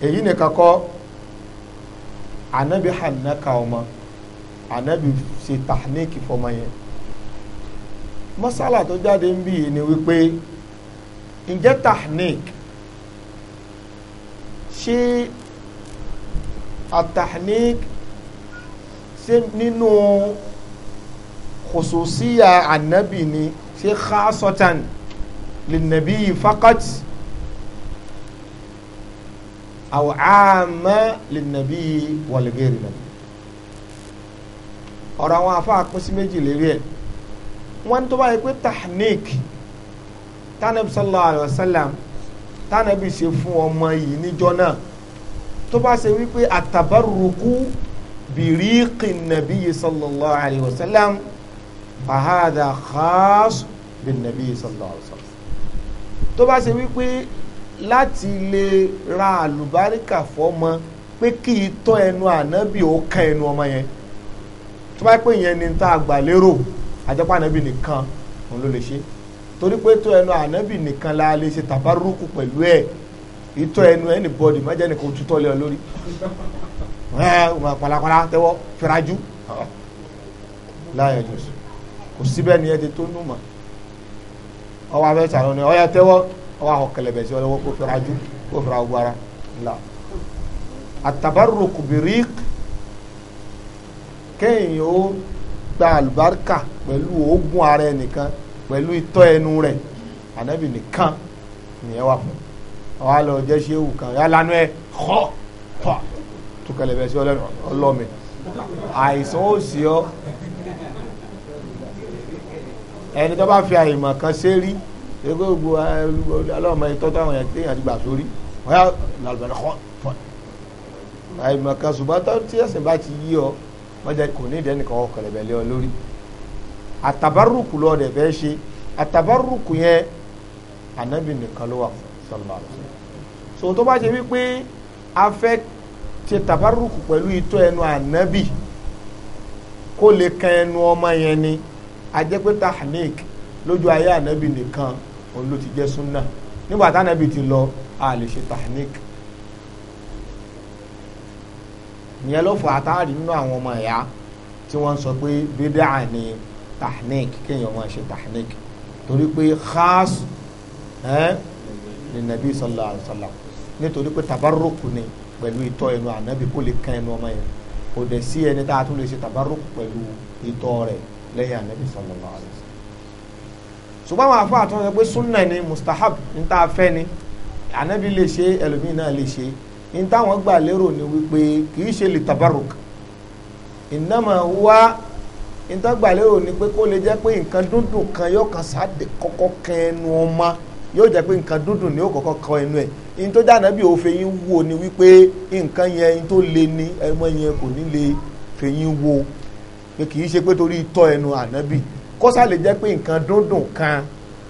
èyí nìkan kọ́ ànábì hànáka ọmọ ànábì ṣe tàhníkì fọmọ yẹn mọ́sálà tó jáde ń bí yìí ni wípé ǹjẹ́ tahnik ṣé atahnik ṣé nínú kòsòsíyà ànábì ni. No ṣe khasatan lìnàbí fakat àwọn àmà lìnàbí wàlẹ́gẹ́rì náà ọ̀rọ̀ àwọn afáà pín sí méjì lérí ẹ̀ wọ́n tó báyìí pé tahnik tánàbí sallallahu alayhi wa sallam tánàbí ṣe fún ọmọ yìí níjọ́ náà tó bá ṣe wípé àtàbárùkù bìrìkì nàbí sallallahu alayhi wa sallam fàhádà khas bin nabi sallallahu alaihi wasallam tó bá ṣe wípé láti lè ra àlùbáríkà fọ́mọ pé kí itọ́ ẹnu ànábì ó kan ẹnu ọmọ yẹn tó bá pè yẹn ni tá a gbà lérò àjẹpọ̀ ànábì nìkan òun ló lè ṣe torí pé tó ẹnu ànábì nìkan la lè ṣe tàbárùkù pẹ̀lú ẹ̀ ìtọ́ ẹnu ẹni bọ́ọ̀dì má jẹ́ nìkan òtútọ́ lé ọ lórí ẹ̀ ẹ̀ pàlàpàlà tẹ́wọ́ fẹ́rajú láyé jùsùn kò síbẹ̀ ni ẹ ti tó nù mọ́ ọwọ́ abẹ́ sàrọ̀ ni ọyà tẹ́wọ́ ọwọ́ àwọn kẹlẹ̀bẹ̀ sí ọlọ́wọ́ kó fẹ́ra ju kó fẹ́ra gbọ́ ara la àtàbárò kùbìrík kéèyàn ó gba àlùbáríkà pẹ̀lú oògùn ara ẹnìkan pẹ̀lú itọ́ ẹnu rẹ̀ ànábì nìkan nìyẹn wà fún ọwọ́ àlọ́ jẹ́ ṣé ewu kan yálà ẹ xọ́ tó kẹlẹ̀bẹ̀ sí ọlọ́mi àìsàn ó sì ọ́ ẹni tó bá fi àyèmọ̀ kan ṣe rí ṣe gbogbo ọlọ́mọ ìtọ́ táwọn yẹn téèyàn ti gbà sórí ọ̀yà làlùbẹ̀rẹ̀ kọ́ fún ẹ. àyèmọ̀ kan ṣùgbọ́n tó tí ẹ̀sìn bá ti yí ọ wọ́n jẹ́ kò ní ìdẹ́nìkan ọkọ̀lẹ̀bẹ̀ lé ọ lórí. àtàbárùkù lọ rẹ̀ fẹ́ ṣe àtàbárùkù yẹn ànábì nìkan ló wà sallallahu alaihi wasallam. tó bá ṣe wípé a fẹ́ ṣe tàbárùkù pẹ̀lú ìtọ́ ẹnu ànábì kó lè kan ẹnu ọmọ yẹn ni ajẹ́pẹ́ tahnik lójú ayé ànábì nìkan òun ló ti jẹ́ súnà nígbà tánábì ti lọ a lè ṣe tahnik ìyẹn ló fà á tá a rí nínú àwọn ọmọ ẹ̀yà tí wọ́n sọ pé bídà ni tahnik kéèyàn máa ṣe tahnik torí pé khas ẹ́ ní nàbí sallallahu alaihi wasallam nítorí pé tabarruku ni pẹ̀lú ìtọ́ ẹnu ànábì kó lè kan ẹnu ọmọ yẹn kò dẹ̀ sí ẹni tá a tún lè ṣe tabarruku pẹ̀lú ìtọ́ rẹ̀ lẹ́yìn anabi sallallahu alaihi wasallam ṣùgbọ́n àwọn afọ àtọ́ sọ pé sunna ni mustahab ní tá a fẹ́ ni anabi lè ṣe ẹlòmíì náà lè ṣe ní táwọn gbà lérò ni wípé kì í ṣe lè tabaruk ìnáma wá nítorí gbà lérò ni pé kó lè jẹ́ pé nǹkan dúndùn kan yóò kan sáde kọ́kọ́ kan ẹnu ọmọ yóò jẹ́ pé nǹkan dúndùn ni yóò kọ́kọ́ kan ẹnu ẹ̀ in tó jáde bí òfin yín wo ni wípé nǹkan yẹn in tó le ni ẹmọ yẹn kò ní lè fẹ̀yìn wo pé kì í ṣe pé torí tọ́ ẹnu ànábì kọ́sà lè jẹ́ pé nǹkan dúndùn kan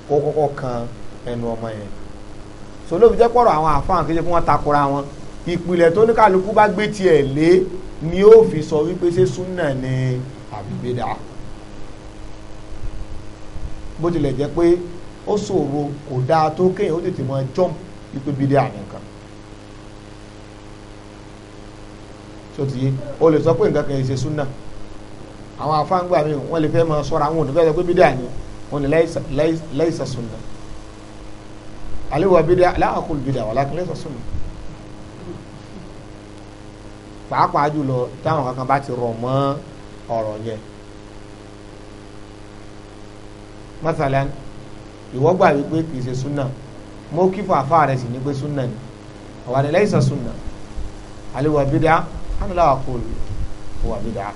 kó kọ́kọ́ kan ẹnu ọmọ yẹn sọlọ́ọ̀bù jẹ́ pọ̀rọ̀ àwọn àfáàn kí ṣe fún wọn takora wọn ìpìlẹ̀ tó ní kálukú bá gbé tiẹ̀ lé ni ó fi sọ wípé ṣé súnà ni àbíbédà bó tilẹ̀ jẹ́ pé ó ṣòro kò dáa tó kéèyàn ó tètè mọ jọ́m wípé bídẹ́ àmì kan tó ti yé o lè sọ pé nǹkan kan yìí ṣe súnà àwọn afáǹgbà mi wọ́n lè fẹ́ máa sọ́ra àwọn òní fẹ́ sọ pé bídíà ni wọ́n lè láìsà sunna àléwà bídíà láàkúl bídíà wà láàkúl láìsà sunna pàápàá jùlọ táwọn kankan bá ti rọ̀ mọ́ ọ̀rọ̀ yẹn masalan ìwọ gbà wípé kì í ṣe sunna mo kí fún àfa rẹ sì ní pé sunna ni àwọn àdìlẹ́yìn sọ àléwà bídíà hàn wà bídíà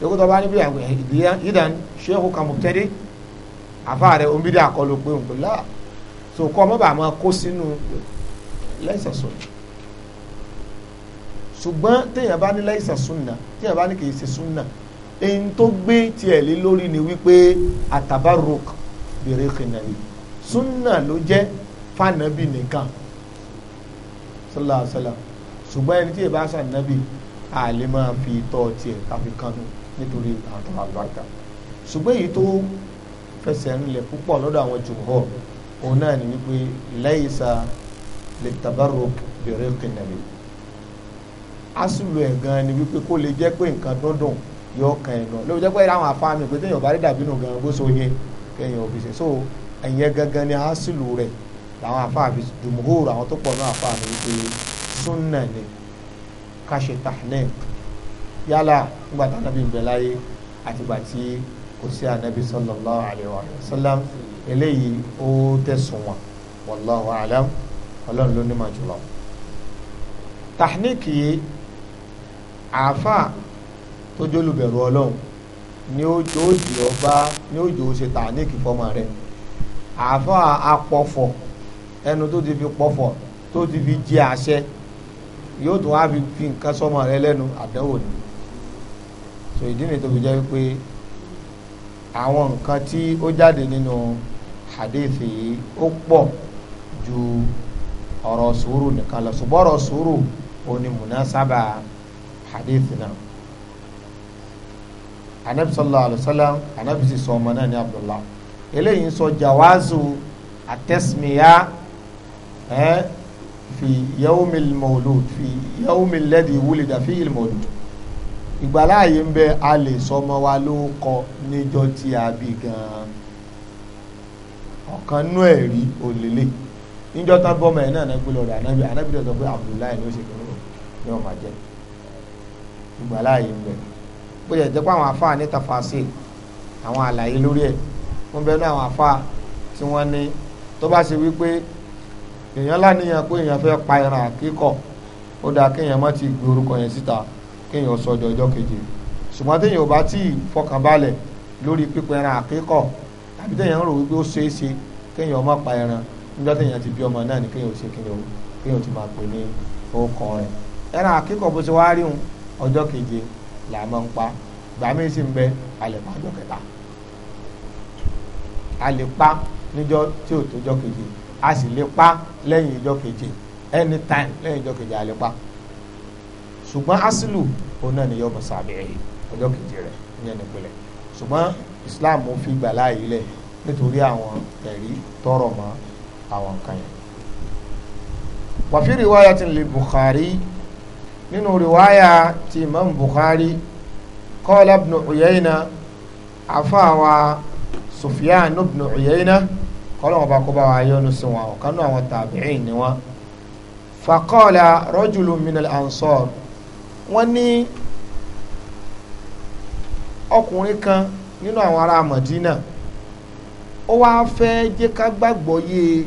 yòókù tó bá ní bí àgbẹ̀ ìdán ṣéèkù kan mọ̀tẹ́dẹ́ àfa rẹ̀ àkọlù pé òǹkò láà so kọ́ ọmọ bàá máa kó sínú lẹ́sàsùn ṣùgbọ́n téèyàn bá ní lẹ́sàsùn náà téèyàn bá ní kì í ṣe sùn náà èyí tó gbé tiẹ̀ lé lórí ni wípé àtàbárok bèrè kìnàbí sùn náà ló jẹ́ fànàbí nìkan sọlá sọlá ṣùgbọ́n ẹni tí ì bá sànàbí àlè máa fi tọ́ tiẹ̀ káfí nítorí àtọ̀ àlùbáríkà ṣùgbọ́n èyí tó fẹsẹ̀ rinlẹ̀ púpọ̀ lọ́dọ̀ àwọn jùmọ̀ òun náà ni wípé laysa litabarruk bi riqin nabi asùlù ẹ̀ gan ni wípé kó lè jẹ́ pé nǹkan dúndùn yọ kàn ẹ̀ lọ lóbi jẹ́ pé àwọn afáàmì pé téèyàn bá rí dàbí nù gan bó so yẹ kẹyìn òbí ṣe so ẹ̀yẹ gangan ni asùlù rẹ̀ làwọn afáàmì jùmọ̀ àwọn tó pọ̀ náà afáàmì wípé sunna ni ká ṣe yálà nígbà tí anabi ń bẹ láyé àtìgbà tí kò sí anabi sallallahu alayhi wa sallam eléyìí ó tẹ̀sùn wọn wallahu alam ọlọ́run ló ní màjúlọ. tahnik yìí àáfàá tó jólùbẹ̀rù ọlọ́run ni ó jò jò bá ni ó jò ṣe tahnik fọmọ rẹ àáfàá apọ̀fọ̀ ẹnu tó ti fi pọ̀fọ̀ tó ti fi jẹ àṣẹ yóò tún wá fi nǹkan sọmọ rẹ lẹ́nu àdánwò ni so ìdí nìyí tó fi jẹ́ wípé àwọn nǹkan tí ó jáde nínú hadith yìí ó pọ̀ ju ọ̀rọ̀ sùúrù nìkan lọ ṣùgbọ́n ọ̀rọ̀ sùúrù ó ní munasaba hadith náà anabi sallallahu alayhi wa sallam anabi sì sọ ọmọ náà ní abdullah eléyìí ń sọ jawazu atẹ́sìmíyá ẹ́ fi yawmil mawlud fi yawmil ladhi wulida fi il mawlud ìgbàláàyè ń bẹ a lè sọmọ wa ló kọ níjọ́ tí a bí gan-an ọ̀kan nú ẹ̀rí òlélẹ̀ níjọ́ tán bọ́mọ ẹ̀ náà gbé lọ́dọ̀ ànábì ànábì tó sọ pé Abdullahi ló ṣe kúrò ní ọmọ jẹ ìgbàláàyè ń bẹ bó ṣe jẹ́ pé àwọn afáà níta fa àwọn àlàyé lórí ẹ̀ wọ́n bẹ ní àwọn afáà tí wọ́n ní tó bá ṣe wípé èèyàn láníyàn pé èèyàn fẹ́ pa ẹran àkíkọ̀ ó dáa kéèyàn má ti gbé orúkọ yẹn síta kéèyàn sọdọ̀ ọjọ́ keje ṣùgbọ́n téèyàn ò bá tí ì fọkàn balẹ̀ lórí pípẹ́ ẹran àkíkọ̀ tàbí téèyàn ń rò wípé ó ṣeé ṣe kéèyàn má pa ẹran níjọ́ téèyàn ti bí ọmọ náà ni kéèyàn ò ṣe kéèyàn kéèyàn ti máa pè ní orúkọ rẹ̀ ẹran àkíkọ̀ bó ṣe wá rí hun ọjọ́ keje là máa ń pa gbàmí sì ń bẹ alẹ́ pa ọjọ́ kẹta a lè pa níjọ́ tí ò tó ọjọ́ keje a sì lè pa lẹ́yìn ọjọ́ keje anytime lẹ́yìn ọjọ́ keje a lè pa ṣùgbọ́n asilu òun náà ni yọmọ sàbẹ̀ẹ́ ọjọ́ kejì rẹ̀ ìyẹn nípìnlẹ̀ ṣùgbọ́n Islam fi gbà láàyè lẹ̀ nítorí àwọn ẹ̀rí tọrọ mọ́ àwọn nǹkan yẹn. wa fi riwayatin li Bukhari nínú riwaya ti Imam Bukhari qala ibn Uyayna afáwa Sufyan ibn Uyayna kọ́lọ́wọ́n bá kó bá wa yọ́nu sí wọn ọ̀kan náà àwọn tàbíìn ni wọn. faqala rajulun min al wọ́n ní ọkùnrin kan nínú àwọn ará Mọ̀dínà ó wáá fẹ́ jẹ́ ká gbàgbọ́ yé e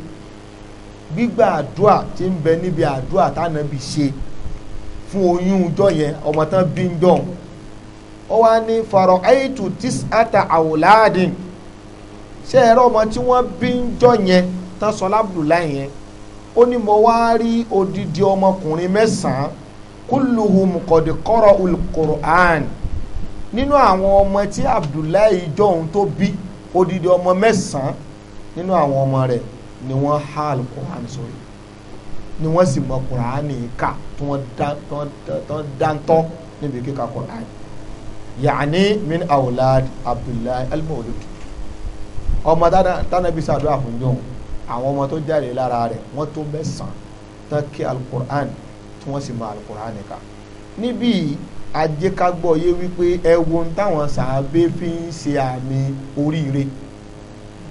gbígbà àdúà tí ń bẹ níbi àdúà tánàbì ṣe fún oyún ọjọ́ yẹn ọmọ tán bí ń dọ̀ ó wá ní farọ̀ aitu tis ata awuladin ṣé ẹ̀rọ ọmọ tí wọ́n bí ń jọ yẹn tán sọ lábùlá yẹn ó ní mo wá rí odidi ọmọkùnrin mẹ́sàn-án kulluhum qad qara'ul Qur'an nínú àwọn ọmọ tí Abdullahi jọ̀hún tó bí odidi ọmọ mẹ́sàn-án nínú àwọn ọmọ rẹ̀ ni wọ́n há al-Qur'an sórí ni wọ́n sì mọ Qur'an ká tí wọ́n dáńtọ́ níbi kíka Qur'an yaani min awlad Abdullahi al-Mawlud ọmọ tánàbí sàdúrà fún jọ̀hún àwọn ọmọ tó jáde lára rẹ̀ wọ́n tó mẹ́sàn-án tán kí al-Qur'an kí wọ́n sì mọ alukur'ani kà níbí ajẹ́kágbọ́ yé wípé ẹwo ń táwọn sàábé fi ń ṣe àmì oríire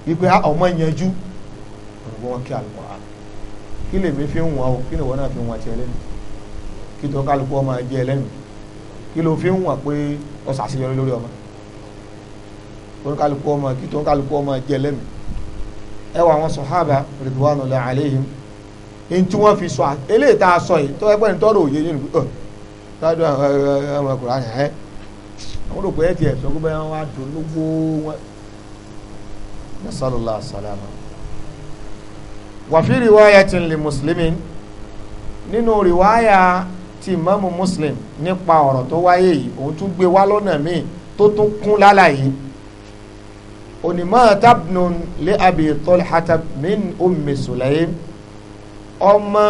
wípé ah, ọmọ yanjú òrùbọ wọn kí alukur'ani kí lèmi fi ń wọn o kí lèwọ náà fi ń wọn tiẹ̀ lẹ́nu kí tó kálukú ọmọ jẹ lẹ́nu kí ló fi ń wọn pé ọ̀sàṣeyọrí lórí ọmọ tó kálukú ọmọ kí tó kálukú ọmọ jẹ lẹ́nu ẹ wọ àwọn sọ̀hábà ridwanullahi alayhim ní tí wọ́n fi sọ eléyìí tá a sọ yìí tọ́ ẹgbẹ́ ní tọ́rọ òye yìí nìbí tọ́jú ọmọ kùrán ẹ̀ àwọn olùkọ́ ẹ̀ tiẹ̀ sọ gbogbo wọn wá dùn lógbó wọn. nasalula salama wàfíì riwaya ti lè mùsùlùmí nínú riwaya ti imamu muslim nípa ọ̀rọ̀ tó wáyé yìí òun tún gbé wá lọ́nà míì tó tún kún lálàyé onímọ̀ tábìlì lé abi tolhata min ummi ọmọ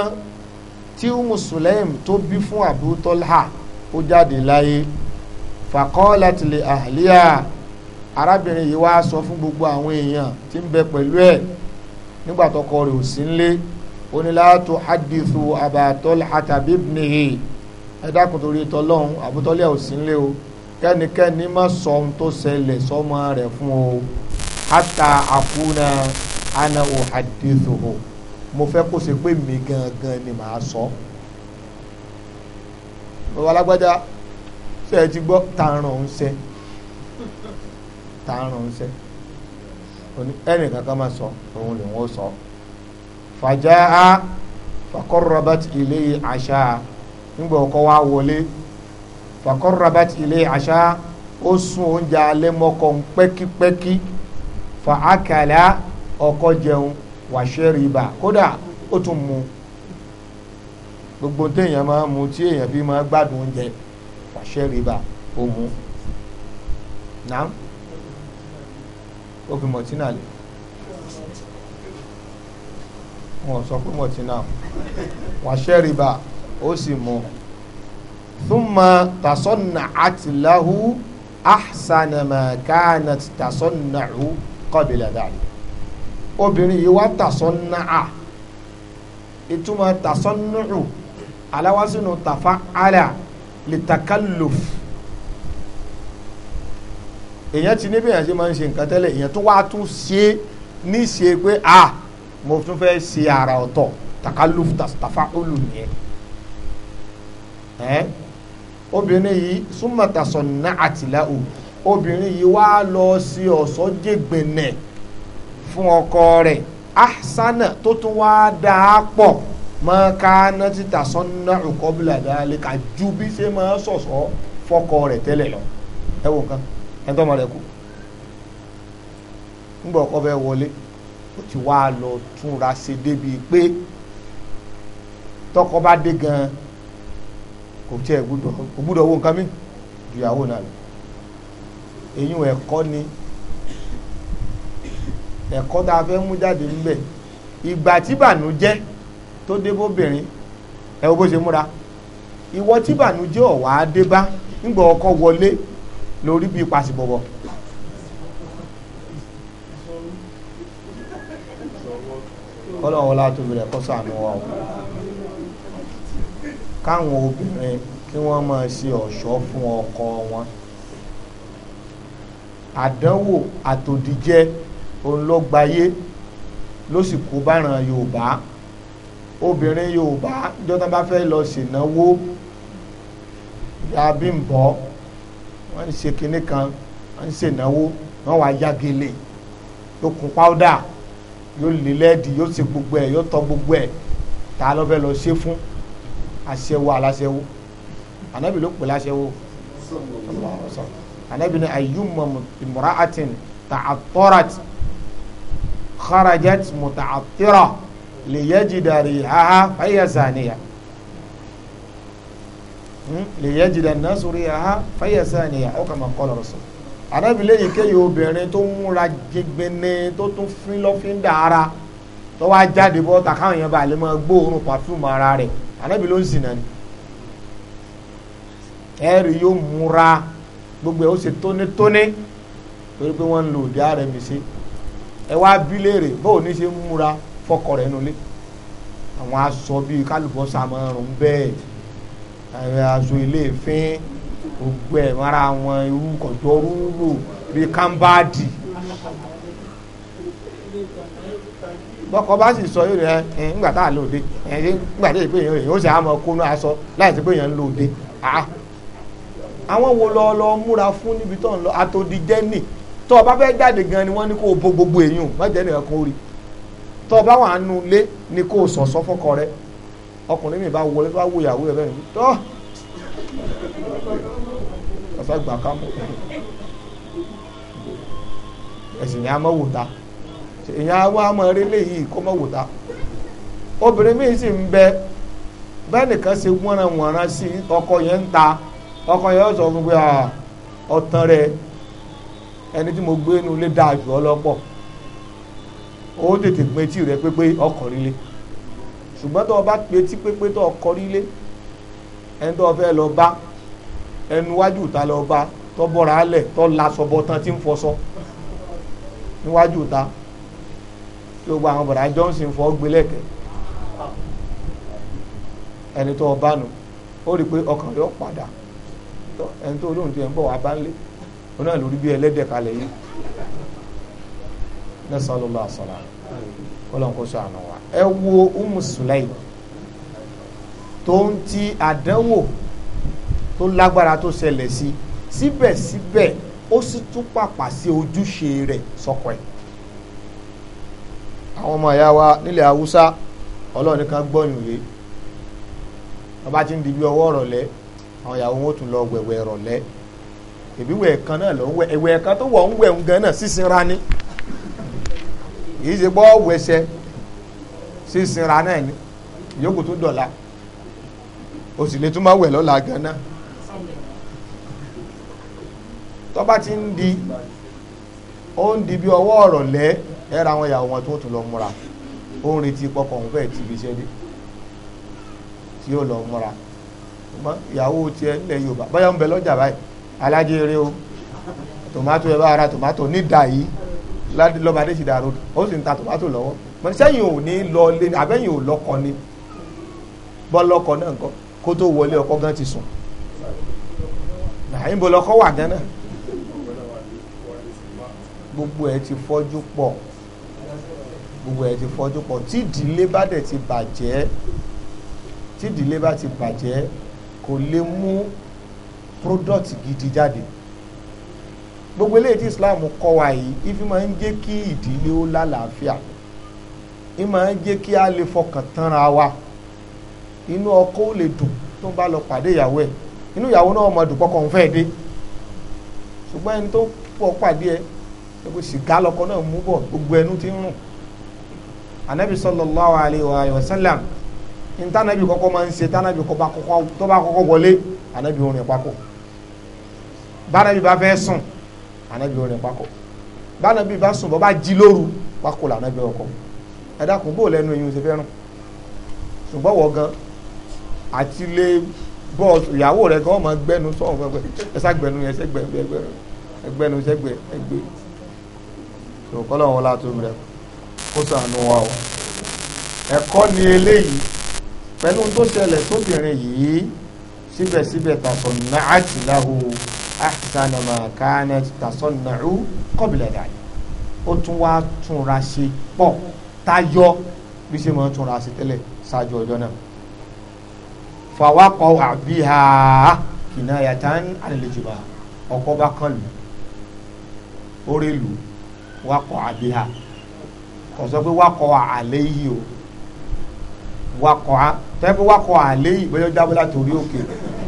tí mùsùlẹ́m tó bí fún Abu Talha ó jáde láyé faqalat li ahliha arábìnrin yìí wá sọ fún gbogbo àwọn èèyàn tí ń bẹ pẹ̀lú ẹ̀ nígbà tọkọ rẹ̀ ò sí nílé ó ní la tuhaddithu Aba Talhata bibnihi torí tọlọ́hún Abu ò sí nílé o kẹ́nikẹ́ni má sọ ohun tó ṣẹlẹ̀ sọ́mọ rẹ̀ fún o hatta akuna ana uhadithuhu mo fẹ́ kó ṣe pé mi gangan ni màá sọ bàbá alágbádá ṣe é ti gbọ́ tààràn ń ṣe tààràn ń ṣe ẹnì kankan máa sọ òun lè wọ́n sọ fàjà á fakọ́rọ̀bát ilé àṣà nígbà ọkọ̀ wa wọlé fakọ́rọ̀bát ilé àṣà ó sún oúnjẹ alẹ́ mọ́kàn pẹ́kípẹ́kí fa àkàlà ọkọ̀ jẹun wàṣẹ́rìbà kódà ó tún mu gbogbo téèyàn máa mu tí èèyàn bí máa gbádùn oúnjẹ wàṣẹ́rìbà ó mu náà ó fi mọ̀tínà lè wọn sọ pé mọ̀tínà wàṣẹ́rìbà ó sì mu thumma tasọ́nà àtìláhù ahsanama kánat tasọ́nà qabila dhalik obìnrin yìí wá tasọ́nà ìtumọ̀ tasọ́nù aláwásínú tàfà àlà litakalluf èyàn ti níbi èyàn ṣe máa ń ṣe nǹkan tẹ́lẹ̀ èyàn tó wá tún ṣe ní ṣe pé a mo tún fẹ́ ṣe ara ọ̀tọ̀ takalluf tàfà olù nìyẹn ẹ́ obìnrin yìí súnmọ̀ tasọ́nà àtìláhù obìnrin yìí wá lọ sí ọ̀sọ́ fún ọkọ rẹ̀ ahsana tó tún wá dáa pọ̀ mọ́ káná títà sọ́nà ọ̀kọ́bìlà dáálé ká ju bí ṣe máa sọ̀sọ́ fọkọ rẹ̀ tẹ́lẹ̀ lọ ẹ wò nǹkan ẹ tọ́ ọmọ rẹ̀ kú nígbà ọkọ fẹ́ wọlé ó ti wá lọ túnra ṣe débi pé tọkọ bá dé gan kò tiẹ̀ gbúdọ̀ gbúdọ̀ wo nǹkan mi ju ìyàwó náà lọ èyí ò ẹ̀kọ́ ni ẹ̀kọ́ tá a fẹ́ mú jáde ń bẹ̀ ìgbà tí bànújẹ́ tó dé bóbìnrin ẹ̀ wo bó ṣe múra ìwọ tí bànújẹ́ ọ̀wá dé bá ńgbọ̀ ọkọ wọlé lórí bíi pàṣípọ̀bọ̀ kọ́lọ̀ wọlá tóbi rẹ̀ kọ́ sànù wa o káwọn obìnrin kí wọ́n máa ṣe ọ̀ṣọ́ fún ọkọ wọn àdánwò àtòdíjẹ́ òun ló gbayé ló sì kó báràn yorùbá obìnrin yorùbá jọ́tàn bá fẹ́ lọ ṣènáwó yàbí ń bọ́ wọ́n ń ṣe kinní kan wọ́n ń ṣènáwó wọ́n wá yá gèlè yóò kún páwúdà yóò lé lẹ́ẹ̀dì yóò ṣe gbogbo ẹ̀ yóò tọ́ gbogbo ẹ̀ tá a lọ fẹ́ lọ ṣe fún aṣẹ́wó aláṣẹ́wó anabi ló pè láṣẹ́wó anabi ni ayyuma imra'atin ta'attorat kharajat muta'attira liyajida rihaha faya saniya liyajida nasu rihaha faya saniya ó kama qala rasul arábìlẹ̀ yìí kéye obìnrin tó ń múra jẹgbẹ́ni tó tún fín lọ́fíńdà ara tó wá jáde bọ́ ta káwọn èèyàn bá lè máa gbóòórùn pàfíùmù ara rẹ̀ arábìlẹ̀ ló ń sìn náà ẹ̀rì yóò múra gbogbo ẹ̀ ó ṣe tónítóní torí pé wọ́n ń lo òde ara mi sí ẹ wá bí léèrè bóun ní ṣe ń múra fọkọ rẹ̀ nulẹ̀ àwọn aṣọ bíi kálùbọ́sà máa rùn bẹ́ẹ̀ àwọn aṣọ ilé ìfín gbogbo ẹ̀ mara àwọn irú kọ̀jọ́rú rò bíi kámbáàdì bọ́kọ bá sì sọ yóò rẹ ẹ ńgbà tá à lò dé ẹ ńgbà tó yẹ pé èèyàn yóò ṣe àmọ́ kónú aṣọ láì sí pé èèyàn ń lò dé àwọn wo lọ lọ múra fún níbi tó ń lọ àtòdìjẹ́ nì tó o fẹ́ jáde gan ni wọ́n ní kó o bo gbogbo èèyàn má jẹ́ nìkan kó rí tó o bá wà lé ni kó o sọ̀sọ́ fọ́kọ rẹ ọkùnrin mi bá wọlé bá wo ìyàwó rẹ bẹ́ẹ̀ ni tó ọ̀sá gbà ká mọ́ ẹ̀sìn yẹn á wò ta á eré léyìí kó wò ta obìnrin sì ń bẹ bẹ́ẹ̀ nìkan ṣe wọ́nra sí ọkọ yẹn ń ta ọkọ yẹn sọ fún pé ọ̀tán rẹ̀ ẹni tí mo gbé inú ilé dáa jù ọ lọ́pọ̀ ó tètè gbé tí rẹ pépé ọkọ̀ líle ṣùgbọ́n tó o bá pe tí pépé tó o kọ́ ẹni tó o fẹ́ lọ bá ẹnu wájú ìta lọ bá tó bọ́ra alẹ̀ tó lasọ bọ́tán tí ń fọṣọ níwájú ìta tí o gba àwọn bọ̀dá Johnson fọ́ gbélẹ̀kẹ́ ẹni tó o bá nù ó rí i pé ọkàn yóò padà ẹni tó olóhùn tó yẹn ń bọ̀ wá bá ń lé ó náà lórí bí ẹlẹ́dẹ̀ kalẹ̀ yìí lẹ́sàn-án àṣọlá kọ́lọ́nkóso àná wa ẹ wo umu sulaim tó ń ti àdánwò tó lágbára tó ṣẹlẹ̀ sí síbẹ̀síbẹ̀ ó sì tún pàpà sí ojúṣe rẹ̀ sọ́kọ ẹ̀ àwọn ọmọ ìyá wa nílẹ̀ haúsá ọlọ́ọ̀ni kan gbọ́yìn yé bàbá ti ń di bí ọwọ́ rọ̀lẹ́ àwọn ìyàwó wọn ò tún lọ wẹ̀wẹ̀ rọ̀lẹ́ èbí wẹ̀ kan náà ló ń wẹ̀ ẹ̀wẹ̀ kan tó wọ̀ ń wẹ̀ ń gan náà sísinra ni kì í ṣe bọ́ wẹsẹ̀ sísinra náà ni yòókù tó dọ̀la o sì lè tún máa wẹ̀ lọ́la gan náà tó bá ti ń di ó ń di bí ọwọ́ ọ̀rọ̀ lẹ́ ẹ̀rọ àwọn ìyàwó wọn tó tún lọ múra ó ń retí pọkàn òun fẹ́ẹ̀ ti fi ṣẹ́ dé tí ó lọ múra ìyàwó tiẹ̀ nílẹ̀ Yorùbá báyọ̀ ń bẹ lọ́jà báyìí alájèrè o tòmátò ẹ bá ara tòmátò nídà yìí lọ́ba adé ti dàrú ó sì ń ta tòmátò lọ́wọ́ mọ sẹ́yìn ò ní lọ lé abẹ́yìn ò lọ́kọ ni bọ́ lọ́kọ náà nǹkan kó tó wọlé ọkọ gan ti sùn àyìnbó lọ́kọ wà gan náà gbogbo ẹ ti fọ́jú pọ̀ gbogbo ẹ ti fọ́jú pọ̀ tí ìdílé bá dẹ̀ ti bàjẹ́ tí ìdílé bá ti bàjẹ́ kò lè mú product gidi jáde gbogbo eléyìí tí islam kọ́ wa yìí ifi máa ń jẹ́ kí ìdílé ó lálàáfíà ì máa ń jẹ́ kí a lè fọkàn wa inú ọkọ ó lè dùn tó ń bá lọ pàdé ìyàwó ẹ inú ìyàwó náà ọmọ dùn kọkàn fẹ́ dé ṣùgbọ́n ẹni tó pọ̀ pàdé gbogbo sìgá lọkọ ti ń rùn anabi wa máa ń anabi orin bánabi bá fẹ́ sùn ànábi orin pákó bánabi bá sùn bọ́ bá jí lóru pákó lànábi ọkọ ẹ dákun bó lẹ́nu eyín ṣe fẹ́ràn ṣùgbọ́n wọ gan àti lé bọ́ọ̀sì ìyàwó rẹ gan ọmọ gbẹnu sọ̀rọ̀ gbẹgbẹ ẹsẹ̀ gbẹnu yẹn ẹsẹ̀ gbẹnu ẹgbẹnu ẹsẹ̀ wọn látó rẹ kó sànù wa o ẹ̀kọ́ ni eléyìí pẹ̀lú tó ṣẹlẹ̀ sóbìnrin yìí síbẹ̀síbẹ̀ tàṣọ náà àtìláhùn ahsana ma kanat tasanna'u qabla dhalik ó tún wá túnra ṣe pọ̀ tayọ bí ṣe máa túnra ṣe tẹ́lẹ̀ ṣáájú ọjọ́ náà fàwákọ̀ àbíhà kìnnàyàtàn àlejòbá ọkọ̀ bá kàn lù orí lù wákọ̀ àbíhà kò sọ pé wákọ̀ àlẹ́ yìí o wákọ̀ tẹ́ pé wákọ̀ àlẹ́ yìí bóyá ó jábọ́ látòrí òkè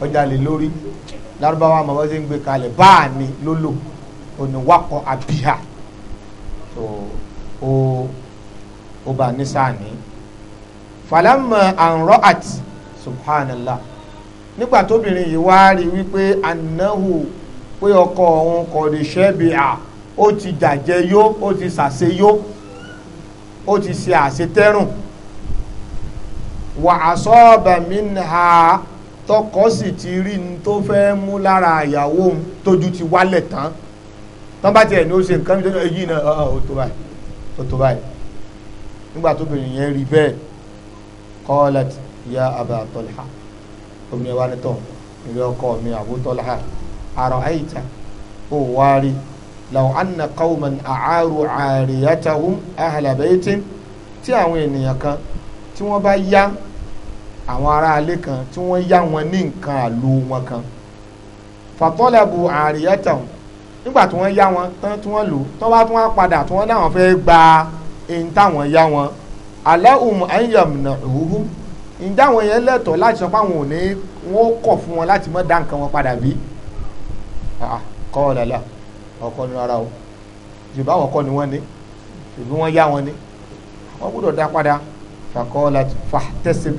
ọjà lè lórí lárúbáwá màmá ṣe ń gbé kalẹ̀ báà ni lólò oníwakọ̀ àbíhà tó o ó bá nísàní falama anrọ àti subhanallah nígbà tóbìnrin yìí wá rí wípé anahu pé ọkọ òun kò lè ṣẹ́bìà ó ti jàjẹ́ yó ó ti ṣàṣeyó ó ti ṣe àṣetẹ́rùn wà á sọ́ọ̀bà mí ha tọkọ sì ti rí ní tó fẹ́ mú lára àyàwó òun tójú ti wálẹ̀ tán tán bá tiẹ̀ ní ó ṣe nǹkan mi tó yí náà ah, ó tó báyìí ó tó báyìí nígbà tó bìnrin yẹn rí bẹ́ẹ̀ qalat ya Aba Talha wa ní tọ̀ ìrẹ́ ọkọ mi Abu Talha ara'ayta ó wá rí law anna qawman a'aru 'ariyatahum ahla tí àwọn ènìyàn kan tí wọ́n bá yá àwọn aráalé kan tí wọ́n yá wọn ní nǹkan àlò wọn kan fàtọ́lẹ̀bù àríyẹ́tà nígbà tí wọ́n yá wọn tán tí wọ́n lò tó bá tún wá padà tí wọ́n náwọn fẹ́ gba ẹni táwọn yá wọn aláhùn ayọ̀mùnà òhùhù ǹjẹ́ àwọn yẹn lẹ́tọ̀ọ́ láti sọ pé àwọn ò ní wọ́n kọ̀ fún wọn láti mọ́ dá nǹkan wọn padà bí kọ́ ọ lálá ọkọ ní ara o yorùbá ọkọ ni wọ́n ní ṣùgbọ́n wọ́n yá wọn ní wọ́n gbọ́dọ̀ dá padà fàkọ́lát fàtẹ́sí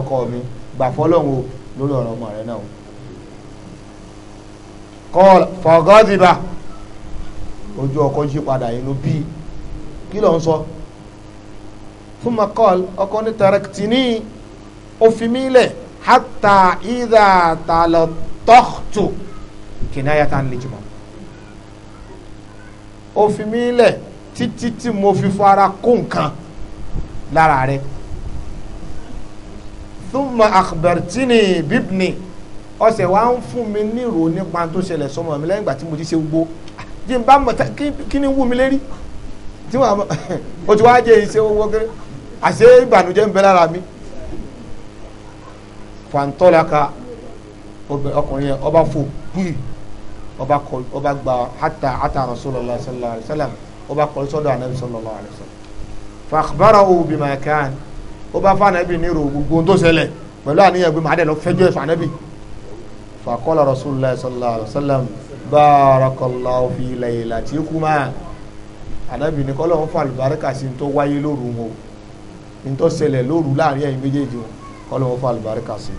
ọkọ mi o lórí ọ̀rọ̀ ọmọ rẹ náà o kọ́ọ̀lá fọ̀gọ́dìbà ojú ọkọ yí padà inú bí kí ló ń sọ fún makọ́l ọkọ ní tẹrẹkìtìní òfìmílẹ̀ hátà ìdá tàlọ́tọ́tù kìnnáyàtà ń lè jùmọ̀ títí tí mo fi fara kó lára rẹ̀ thumma akhbartini bibni ọ̀sẹ̀ wa ń fún mi ní ìrò nípa tó ṣẹlẹ̀ sọmọ mi lẹ́yìn ìgbà tí mo ti ṣe gbogbo jí n bá mọ̀ kí ni wù mí lérí tí wọ́n mọ̀ <laughs> o ti wá jẹ́ ìṣe owó kéré àṣé ìbànújẹ́ ń bẹ lára mi fàǹtọ́laka ọkùnrin yẹn ọba fò bíi ọba gba hata hata rasulullah sallallahu alaihi wasallam ọba kọlu sọ́dọ̀ anabi sallallahu alaihi wasallam fàkbárahu bima kan ó bá fún anabi ní ro gbogbo tó ṣẹlẹ̀ pẹ̀lú àníyàn pé màá dẹ̀ lọ fẹjọ́ ẹ̀fọ́ anabi fàkọ́lá rasulillah sallallahu alayhi wa sallam barakallahu fi laylatikuma anabi ní kọ́lọ́ wọn fún alùbáríkà sí ní tó wáyé lóru wọn ní tó ṣẹlẹ̀ lóru láàrin ẹ̀yin méjèèjì wọn kọ́lọ́ wọn fún alùbáríkà sí.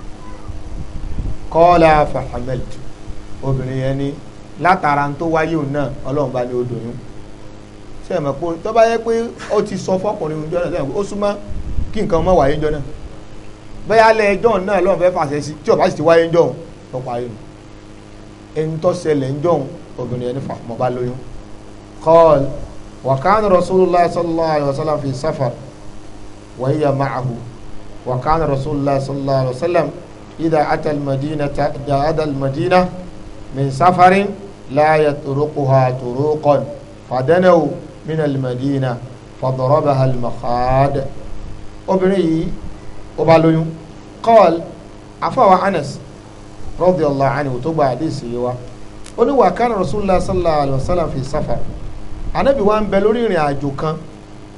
kọ́lá fahamẹ́lì obìnrin yẹn ní látara tó wáyé òun náà ọlọ́run bá ní odò yín ṣe mọ̀ pé tó bá yẹ pé ó ti sọ fọkùnrin ìjọ náà sẹ́yìn ó súnmọ́ kí nǹkan mọ́ wáyé ìjọ náà bẹ́ẹ̀ alẹ́ ẹjọ́ náà lọ́n fẹ́ fàṣẹ sí tí ọba sì ti wáyé ìjọ tó parí nù ẹni tó ṣẹlẹ̀ ìjọ obìnrin ẹni fà mọ́ bá lóyún. kọ́ọ̀lù wàkánù rasulillah sallallahu alayhi wa sallam fi safar wa hiya ma'ahu rasulillah sallallahu alayhi wa sallam idha atal madina idha atal madina min safarin la yatruquha turuqan fadanahu min al-Madina fadarabaha al-makhad obìnrin yìí ó bá lóyún qal afáwa Anas radiyallahu anhu tó gba àdéhìsì yìí wa ó ní wa kana rasulullah sallallahu alayhi wa sallam fi safar anabi wa ń bẹ lórí ìrìn àjò kan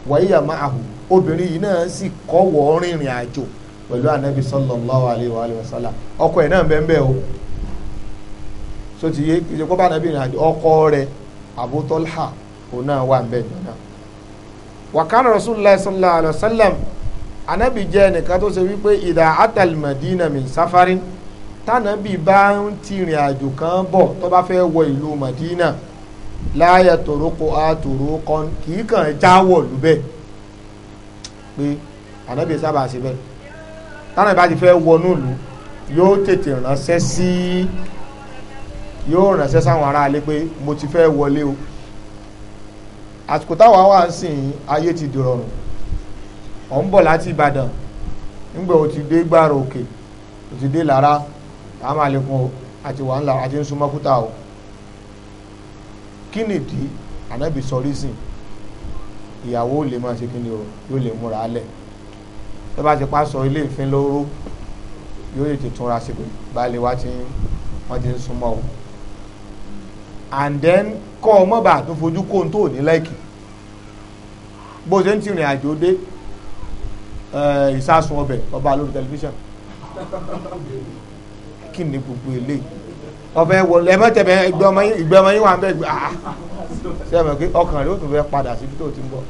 wa hiya ma'ahu obìnrin yìí náà sì kọ́wọ́ rìnrìn àjò pẹ̀lú anabi sallallahu alayhi wa sallam ọkọ ẹ̀ náà bẹ́ẹ̀ bẹ́ẹ̀ o so ti yé ìjọba anabi rìn àjò ọkọ rẹ̀ Abu Talha òun náà wà ń bẹ̀ nínú wàkàrà rasulillah sallallahu alayhi wa sallam anabi jẹ́ ẹnìkan tó ṣe wípé ìdá atal madina min safarin tana bi ń tìrìn àjò kan bọ̀ tó bá fẹ́ wọ ìlú madina láyà tòrókò àtòrò kan kì í kàn jáwọ̀ lúbẹ̀ pé ànábì sábà ṣe bẹ́ẹ̀ táwọn ìbá ti fẹ́ wọnú ìlú yóò tètè ránṣẹ́ sí yóò ránṣẹ́ sáwọn aráalé pé mo ti fẹ́ wọlé o àsìkò táwa wà ń sìn ayé ti dìrọ̀rùn ọ̀ ń bọ̀ láti Ìbàdàn nígbà ó ti dé gbàrò òkè ó ti dé lára àmà àlékún àti wà ńlá àti ń súnmọ́ kúta o kí nìdí ànábì sọ rísìn ìyàwó lè máa ṣe kí ni o yóò lè múra alẹ̀ tó bá ti pa sọ ilé ìfín lóró yóò lè ti túnra sí pé baálé wa ti wọ́n ti ń súnmọ́ o and then kọ́ ọmọ bá tún fojú kó n tó ní láìkì bó ṣe ń ti rìn àjò dé eh, ìsásùn ọbẹ̀ ọba lórí tẹlifíṣàn kí ni gbogbo ilé ọbẹ̀ wọlé ẹ mọ́tẹ̀bẹ̀ ìgbẹ́ ọmọ yín wà ń bẹ̀ gbà á sẹ́wọ̀n pé ọkàn rẹ̀ ó tún fẹ́ padà síbi tó ti ń bọ̀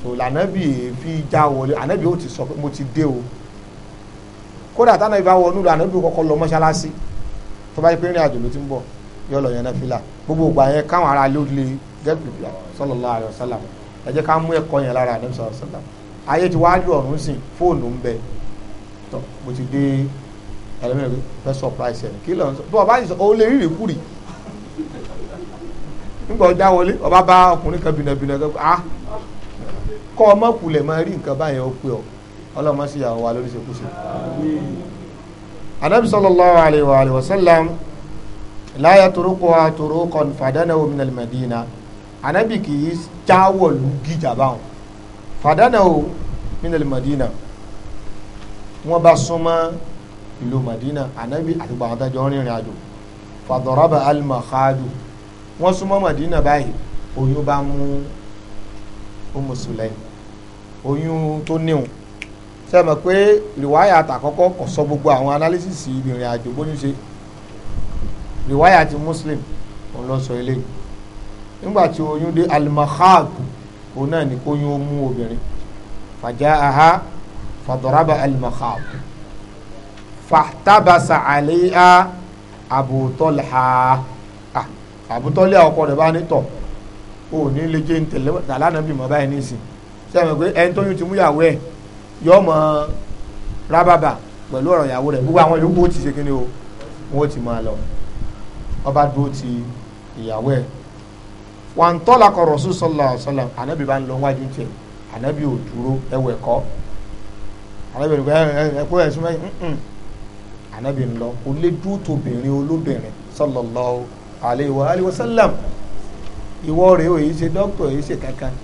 so lànàbì e fi já wọlé ànàbì ó ti sọ pé mo ti dé o kódà tánàbì bá wọnú lànàbì kọ́kọ́ lọ mọ́ṣáláṣí tó bá yẹ pé rìn àjò ló ti ń bọ̀ yóò lọ yẹn fìlà gbogbo ìgbà yẹn káwọn ará ló lè get fìlà sallallahu alaihi wasallam ẹ jẹ́ ká mú ẹ̀kọ́ yẹn lára ànábì sallallahu alaihi wasallam ayé ti wájú ọ̀run sìn fóònù ń bẹ tó mo ti dé ẹlẹ́mìíràn fẹ́ surprise ẹ̀ kí lọ́n sọ bí ọba yìí sọ ó lè rí ìrìkúrì nígbà ọjà wọlé ọba bá ọkùnrin kan bìnàbìnà kan ah kọ́ ọmọ kulẹ̀ máa rí nǹkan báyẹn ó pé ọ ọlọ́mọ sì yà wà lórí ṣekúṣe. ànábì sallallahu alaihi wa sallam láyà torúkọ àtorúkọ fàdánà omi nàìjíríà anabi kì í jáwọ̀ lù gíjà báwọn fàdánà omi nàìjíríà wọ́n bá súnmọ́ ìlú madina anabi àtìgbà àwọn tajọ rìnrìn àjò fàdọ̀rọ̀bà alimakadu wọ́n súnmọ́ madina báyìí oyún bá mú Ummu Sulaym oyún tó níwọ̀n sẹ́mi pé rìwáyà àtàkọ́kọ́ kò sọ gbogbo àwọn analysis ìrìn àjò bóyún ṣe riwaya ti muslim òun lọ sọ eléyìí nígbà tí oyún dé al-makhab òun náà ní kóyún ó mú obìnrin fàjá aha fàdọ̀rábà al-makhab fàtàbàsà àléhà àbútọ́lá àbútọ́lá ọkọ rẹ̀ bá ní tọ̀ o ní lè jẹ́ ntẹ̀lẹ́ tàlánà bímọ báyìí nísìn sẹ́wọ̀n pé ẹni tó yún ti mú yàwó ẹ̀ yọ mọ rábàbà pẹ̀lú ọ̀rọ̀ ìyàwó rẹ̀ gbogbo àwọn ìlú kó ti ṣe kí ni o wọ́n ti máa lọ ọba dúró ti ìyàwó ẹ̀ wà ń tọ́lá kọ Rasul sallallahu alaihi wasallam ànábì bá ń lọ wájú tiẹ̀ ànábì ò dúró ẹwẹ̀ kọ́ ànábì ò ẹ̀kọ́ ẹ̀sùn mẹ́yìn ànábì ń lọ kò lè dúró tóbìnrin olóbìnrin sallallahu alaihi wa alihi wasallam ìwọ rèé ò yìí ṣe dókítà yìí ṣe kankan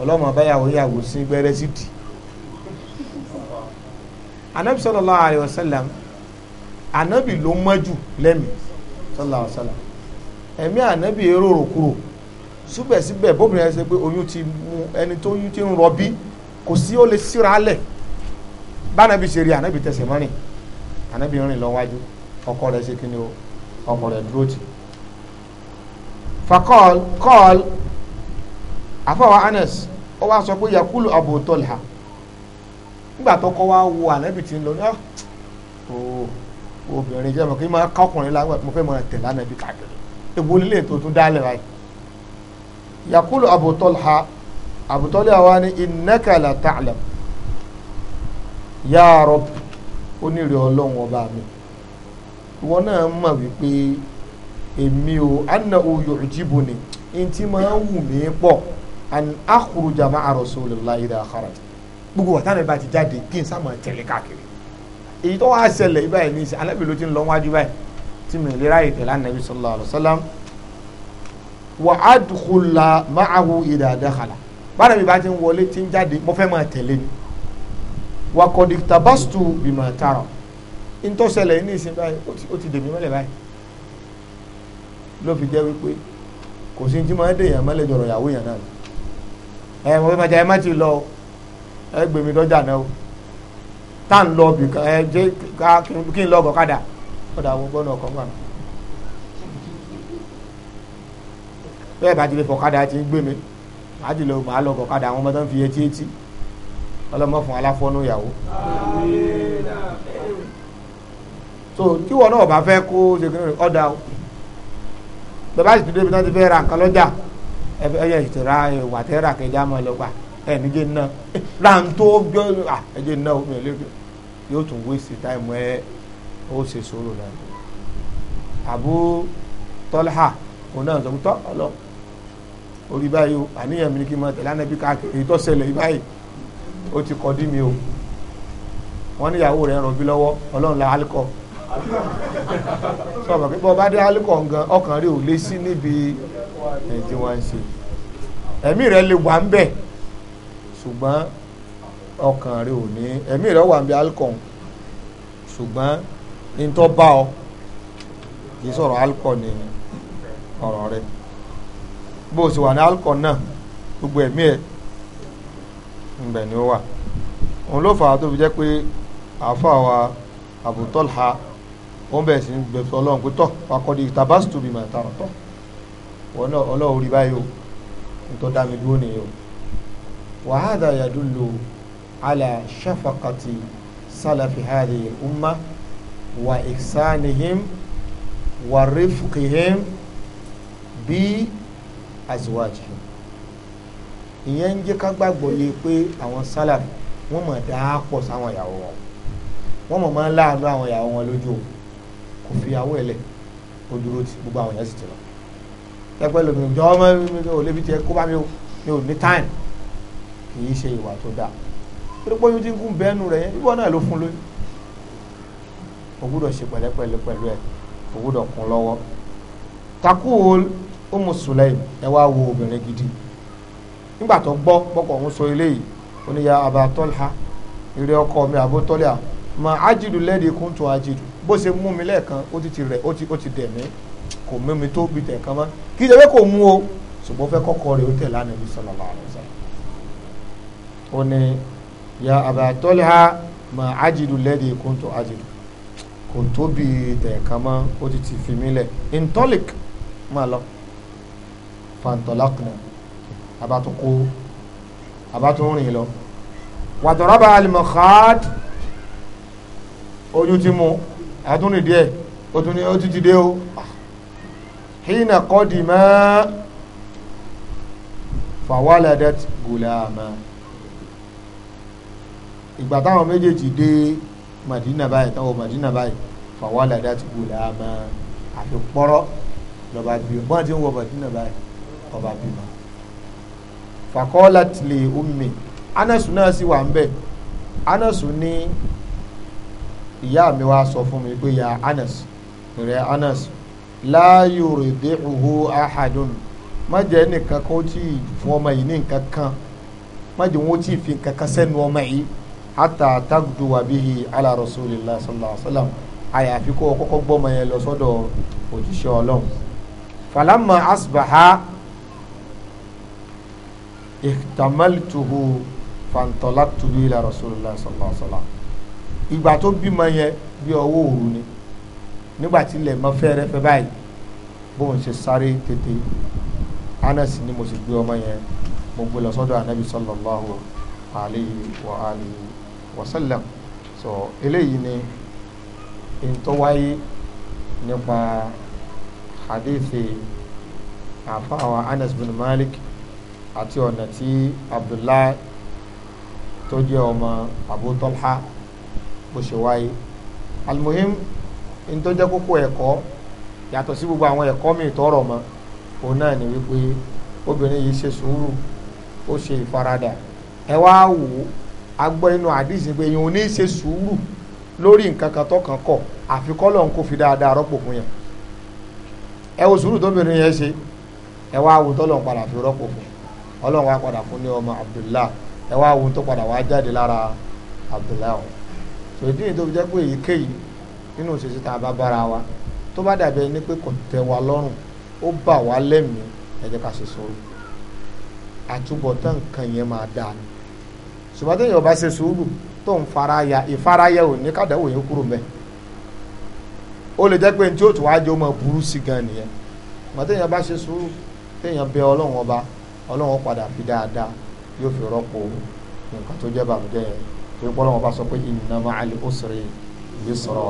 ọlọ́mọ báyàwó yàgò sí gbẹ́rẹ́ sí dì ànábì sallallahu alaihi wasallam ànábì ló mọ́jú lẹ́mìí sallallahu alaihi wasallam ẹ̀mí ànábì eròrò kúrò síbẹ̀síbẹ̀ bóbìnrin ẹ ṣe pé oyún ti mu ẹni tó oyún ti ń rọbí kò sí ó lè síra lẹ̀ bánabi ṣe rí ànábì tẹsẹ̀ mọ́rin ànábì ọkọ ṣe ọkọ rẹ̀ dúró tì. àfọwọ́ anes ó yakulu abu tolha nígbà tó ti ń lọ ah, obìnrin jẹ́ mọ̀ kí máa kọ́kùnrin lágbà mo fẹ́ máa tẹ̀ lánàá ibi kàkiri ewu lílé tó tún dálẹ̀ báyìí. yakulu Abu Talha Abu Talha wa ni innaka la ta'lam ya Rabb onírè ọlọ́run ọba mi ìwọ náà mọ̀ wípé èmi o anna o yu'jibuni ntí máa ń wù mí pọ̀ an akhruja ma'a Rasulillah idha kharaja gbogbo wa táwọn ẹ ti jáde kí n sá máa tẹ̀lé káàkiri èyí tó wá ṣẹlẹ̀ yìí báyìí ní ìsìn anábì ló ti ń lọ wájú báyìí tí mi lè ráyè tẹ̀lé anábì sallallahu alaihi wasallam wa adkhula ma'ahu idha dakhala bára mi bá ti ń wọlé ti ń jáde mo fẹ́ máa tẹ̀lé ni wa qad iktabastu bima tara ń tó ṣẹlẹ̀ yìí ní ìsìn báyìí ó ti dèmí mọ́lẹ̀ báyìí ló fi jẹ́ wípé kò sí tí máa ń dèèyàn mọ́lẹ̀ jọ̀rọ̀ ìyàwó yẹn náà ẹ̀ mo fẹ́ máa jẹ́ ẹ má ti lọ ẹ gbèmí dọ́jà náà tá ń lọ bìkan ẹ jẹ́ kí n lọ ọ̀kadà ọ̀dà àwọn gbọ́dọ̀ ọkọ̀ gbà. bẹ́ẹ̀ bá ti lè fọ̀kadà ti ń gbé mi màá ti lọ màá lọ ọ̀kadà àwọn ọmọ tó ń fi etí etí ọlọ́mọ fún aláfọ́nú ìyàwó. so tíwọ náà bá fẹ́ kó ṣèkínní ọ̀dà o bàbá ìtúndé ibi tí wọ́n ti fẹ́ ra nǹkan lọ́jà ẹ̀yẹ ìtura ìwà tẹ́ra kẹjá mọ́ ẹ lọ́gbà ẹ níjẹ ná rántó gbọ ẹjẹ ná omi ẹ lẹbi yóò tún wéṣẹ táìmù ẹ ó ṣe sọ̀rọ̀ náà àbú tọ́lá òun náà sọ tọ́ ọlọ orí báyìí o àníyàn mi ni kí n máa tẹ̀lé ànábì káàkiri èyí tó ṣẹlẹ̀ yìí báyìí ó ti kọ́ dí mi o wọ́n ní ìyàwó rẹ̀ rọ̀bí lọ́wọ́ ọlọ́run la alikọ́ sọ̀rọ̀ pé bọ́ọ̀ bá dé alikọ́ nǹkan ọkàn rẹ̀ ò lé sí níbi ẹ̀ tí ń ṣe ẹ̀mí rẹ̀ lè wà ń bẹ̀ ṣùgbọ́n ọkàn rẹ ò ní ẹ̀mí rẹ wà ń bí alcohol ṣùgbọ́n ní tó bá ọ kì í sọ̀rọ̀ alcohol ní ọ̀rọ̀ rẹ bó o sì wà ní alcohol náà gbogbo ẹ̀mí ẹ̀ ńbẹ̀ ni ó wà òun ló fà á tó fi jẹ́ pé àáfàá wa Abu Talha ó ń bẹ̀rẹ̀ sí bẹ̀rẹ̀ sọ ọlọ́run pé tọ́ akọ́dí tabasitubi mà tààrọ̀ tọ́ ọlọ́run rí báyìí o nítorí dá mi dúró nìyẹn o. وهذا يدل على شفقة سلف هذه الأمة وإحسانهم ورفقهم بأزواجهم ìyẹn ń jẹ́ ká gbàgbọ́ yé pé àwọn sálàf wọ́n mọ̀ dáa pọ̀ sáwọn ìyàwó wọn wọ́n mọ̀ máa ń láàánú àwọn ìyàwó wọn lójú o kò fi ìyàwó ẹ̀ lẹ̀ ó dúró tí gbogbo àwọn èèyàn sì ti lọ. ẹgbẹ́ lómi ìjọ mi ò lébi tiẹ̀ kó bá mi ò ní táìmù kì í ṣe ìwà tó dáa torí pé oyún tí ń kún bẹ́ẹ̀nu rẹ̀ yẹn ìwọ náà ló fún o gbúdọ̀ ṣe pẹ̀lẹ́pẹ̀lẹ́ pẹ̀lú ẹ̀ o gbúdọ̀ kún lọ́wọ́ takuul Umu Sulaim ẹ wá wo obìnrin gidi nígbà tó gbọ́ bọ́kọ̀ sọ eléyìí ó ní ya Aba Talha eré ọkọ mi Abu Talha mà ájìdù lẹ́ẹ̀dì kún tó ájìdù bó ṣe mú mi lẹ́ẹ̀kan ó ti rẹ̀ ó ti ó ní ya Aba Talha mà ájìlú lẹ́dí kóńtò ájìlú kò tóbi dẹ̀ẹ̀kan mọ́ ó ti ti fi mí lẹ̀ intolic mà lọ fantolakna abatukó abatunrin lọ wàtọ̀rọ̀bà alimọ̀káàd ojú ti mú àtúnrìn díẹ̀ ó tún o hínà kọ́ dì mọ́ fàwálẹ̀dẹ́t ìgbà táwọn méjèèjì dé Madina báyìí táwọn Madina báyìí fàwálàdá ti wò láàmà àfi pọ́rọ́ lọ́ba bímọ bọ́n ti ń wọ Madina báyìí ọba bímọ fàkọ́ọ́lá tilẹ̀ omi Anasu náà sì wà ń bẹ̀ Anasu ní ìyá mi wá sọ fún mi pé ya Anas rẹ Anas láàyò rẹ̀ dé òhó ahadun má jẹ́ nìkan kan ó tí ì fún yìí ní nǹkan kan má wọn ó tí fi nǹkan kan sẹ́nu ọmọ yìí hatta tagduwa bihi ala rasulillah sallallahu alaihi wa sallam àyàfi kó kọ́kọ́ gbọ́mọ yẹn lọ sọ́dọ̀ òjíṣẹ́ ọlọ́run falamma asbaha ihtamaltuhu fantalaqtu bi ila rasulillah sallallahu alaihi wa sallam ìgbà tó bímọ yẹn bí ọwọ́ òru ni nígbà tí ilẹ̀ mọ́ fẹ́rẹ́fẹ́ báyìí bóun ṣe sáré tètè Anas ni mo sì gbé ọmọ yẹn mo gbé lọ sọ́dọ̀ anabi sallallahu alayhi wa alihi wasallam so eléyìí ni ìtọ́wáyé nípa hadithi àfáwà Anas bin Malik àti ọ̀nà tí Abdullahi tó jẹ́ ọmọ Abu Talha bó ṣe wáyé almuhim in tó jẹ́ kókó ẹ̀kọ́ yàtọ̀ sí gbogbo àwọn ẹ̀kọ́ mi tọrọ mọ́ òun náà ni wípé obìnrin yìí ṣe sùúrù ó ṣe ìfaradà ẹ wá agbọ́ nínú àdìsí pé èyàn ò ní ṣe sùúrù lórí nǹkan kan tó kàn kọ̀ àfi kọ́lọ́hún kó fi dáadáa rọ́pò fún yẹn ẹ wo sùúrù tóbìnrin yẹn ṣe ẹ wá wo tọ́lọ́hún padà fi rọ́pò fún ọlọ́hún wá padà fún ní ọmọ Abdullah ẹ wá wo tó padà wá jáde lára Abdullah ọ̀hún sòdí tó fi jẹ́ pé èyíkéyìí nínú òṣèṣe tá a bá bára wa tó bá dàbí ẹni pé kò tẹ́ wa lọ́rùn ó bà wá lẹ́mìí ẹ jẹ́ ká ṣe ṣùgbọ́n téèyàn bá ṣe sùúrù tó ń faraya ìfaraya ò ní kàdáwò yẹn kúrò mbẹ ó lè jẹ́ pé ní tí ó tún wá jẹ́ ó máa burú sí gan nìyẹn ṣùgbọ́n téèyàn bá ṣe sùúrù téèyàn bẹ ọlọ́run ọba ọlọ́run padà fi dáadáa yóò fi rọ́pò nǹkan tó jẹ́ bàmújẹ́ yẹn torí pé ọlọ́run ọba sọ pé inna ma'al usri yusra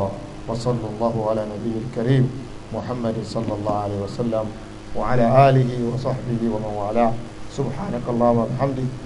wa sallallahu ala nabiyil karim muhammadin sallallahu alayhi wa sallam wa ala alihi wa sahbihi wa man wala subhanaka allahumma wa bihamdika.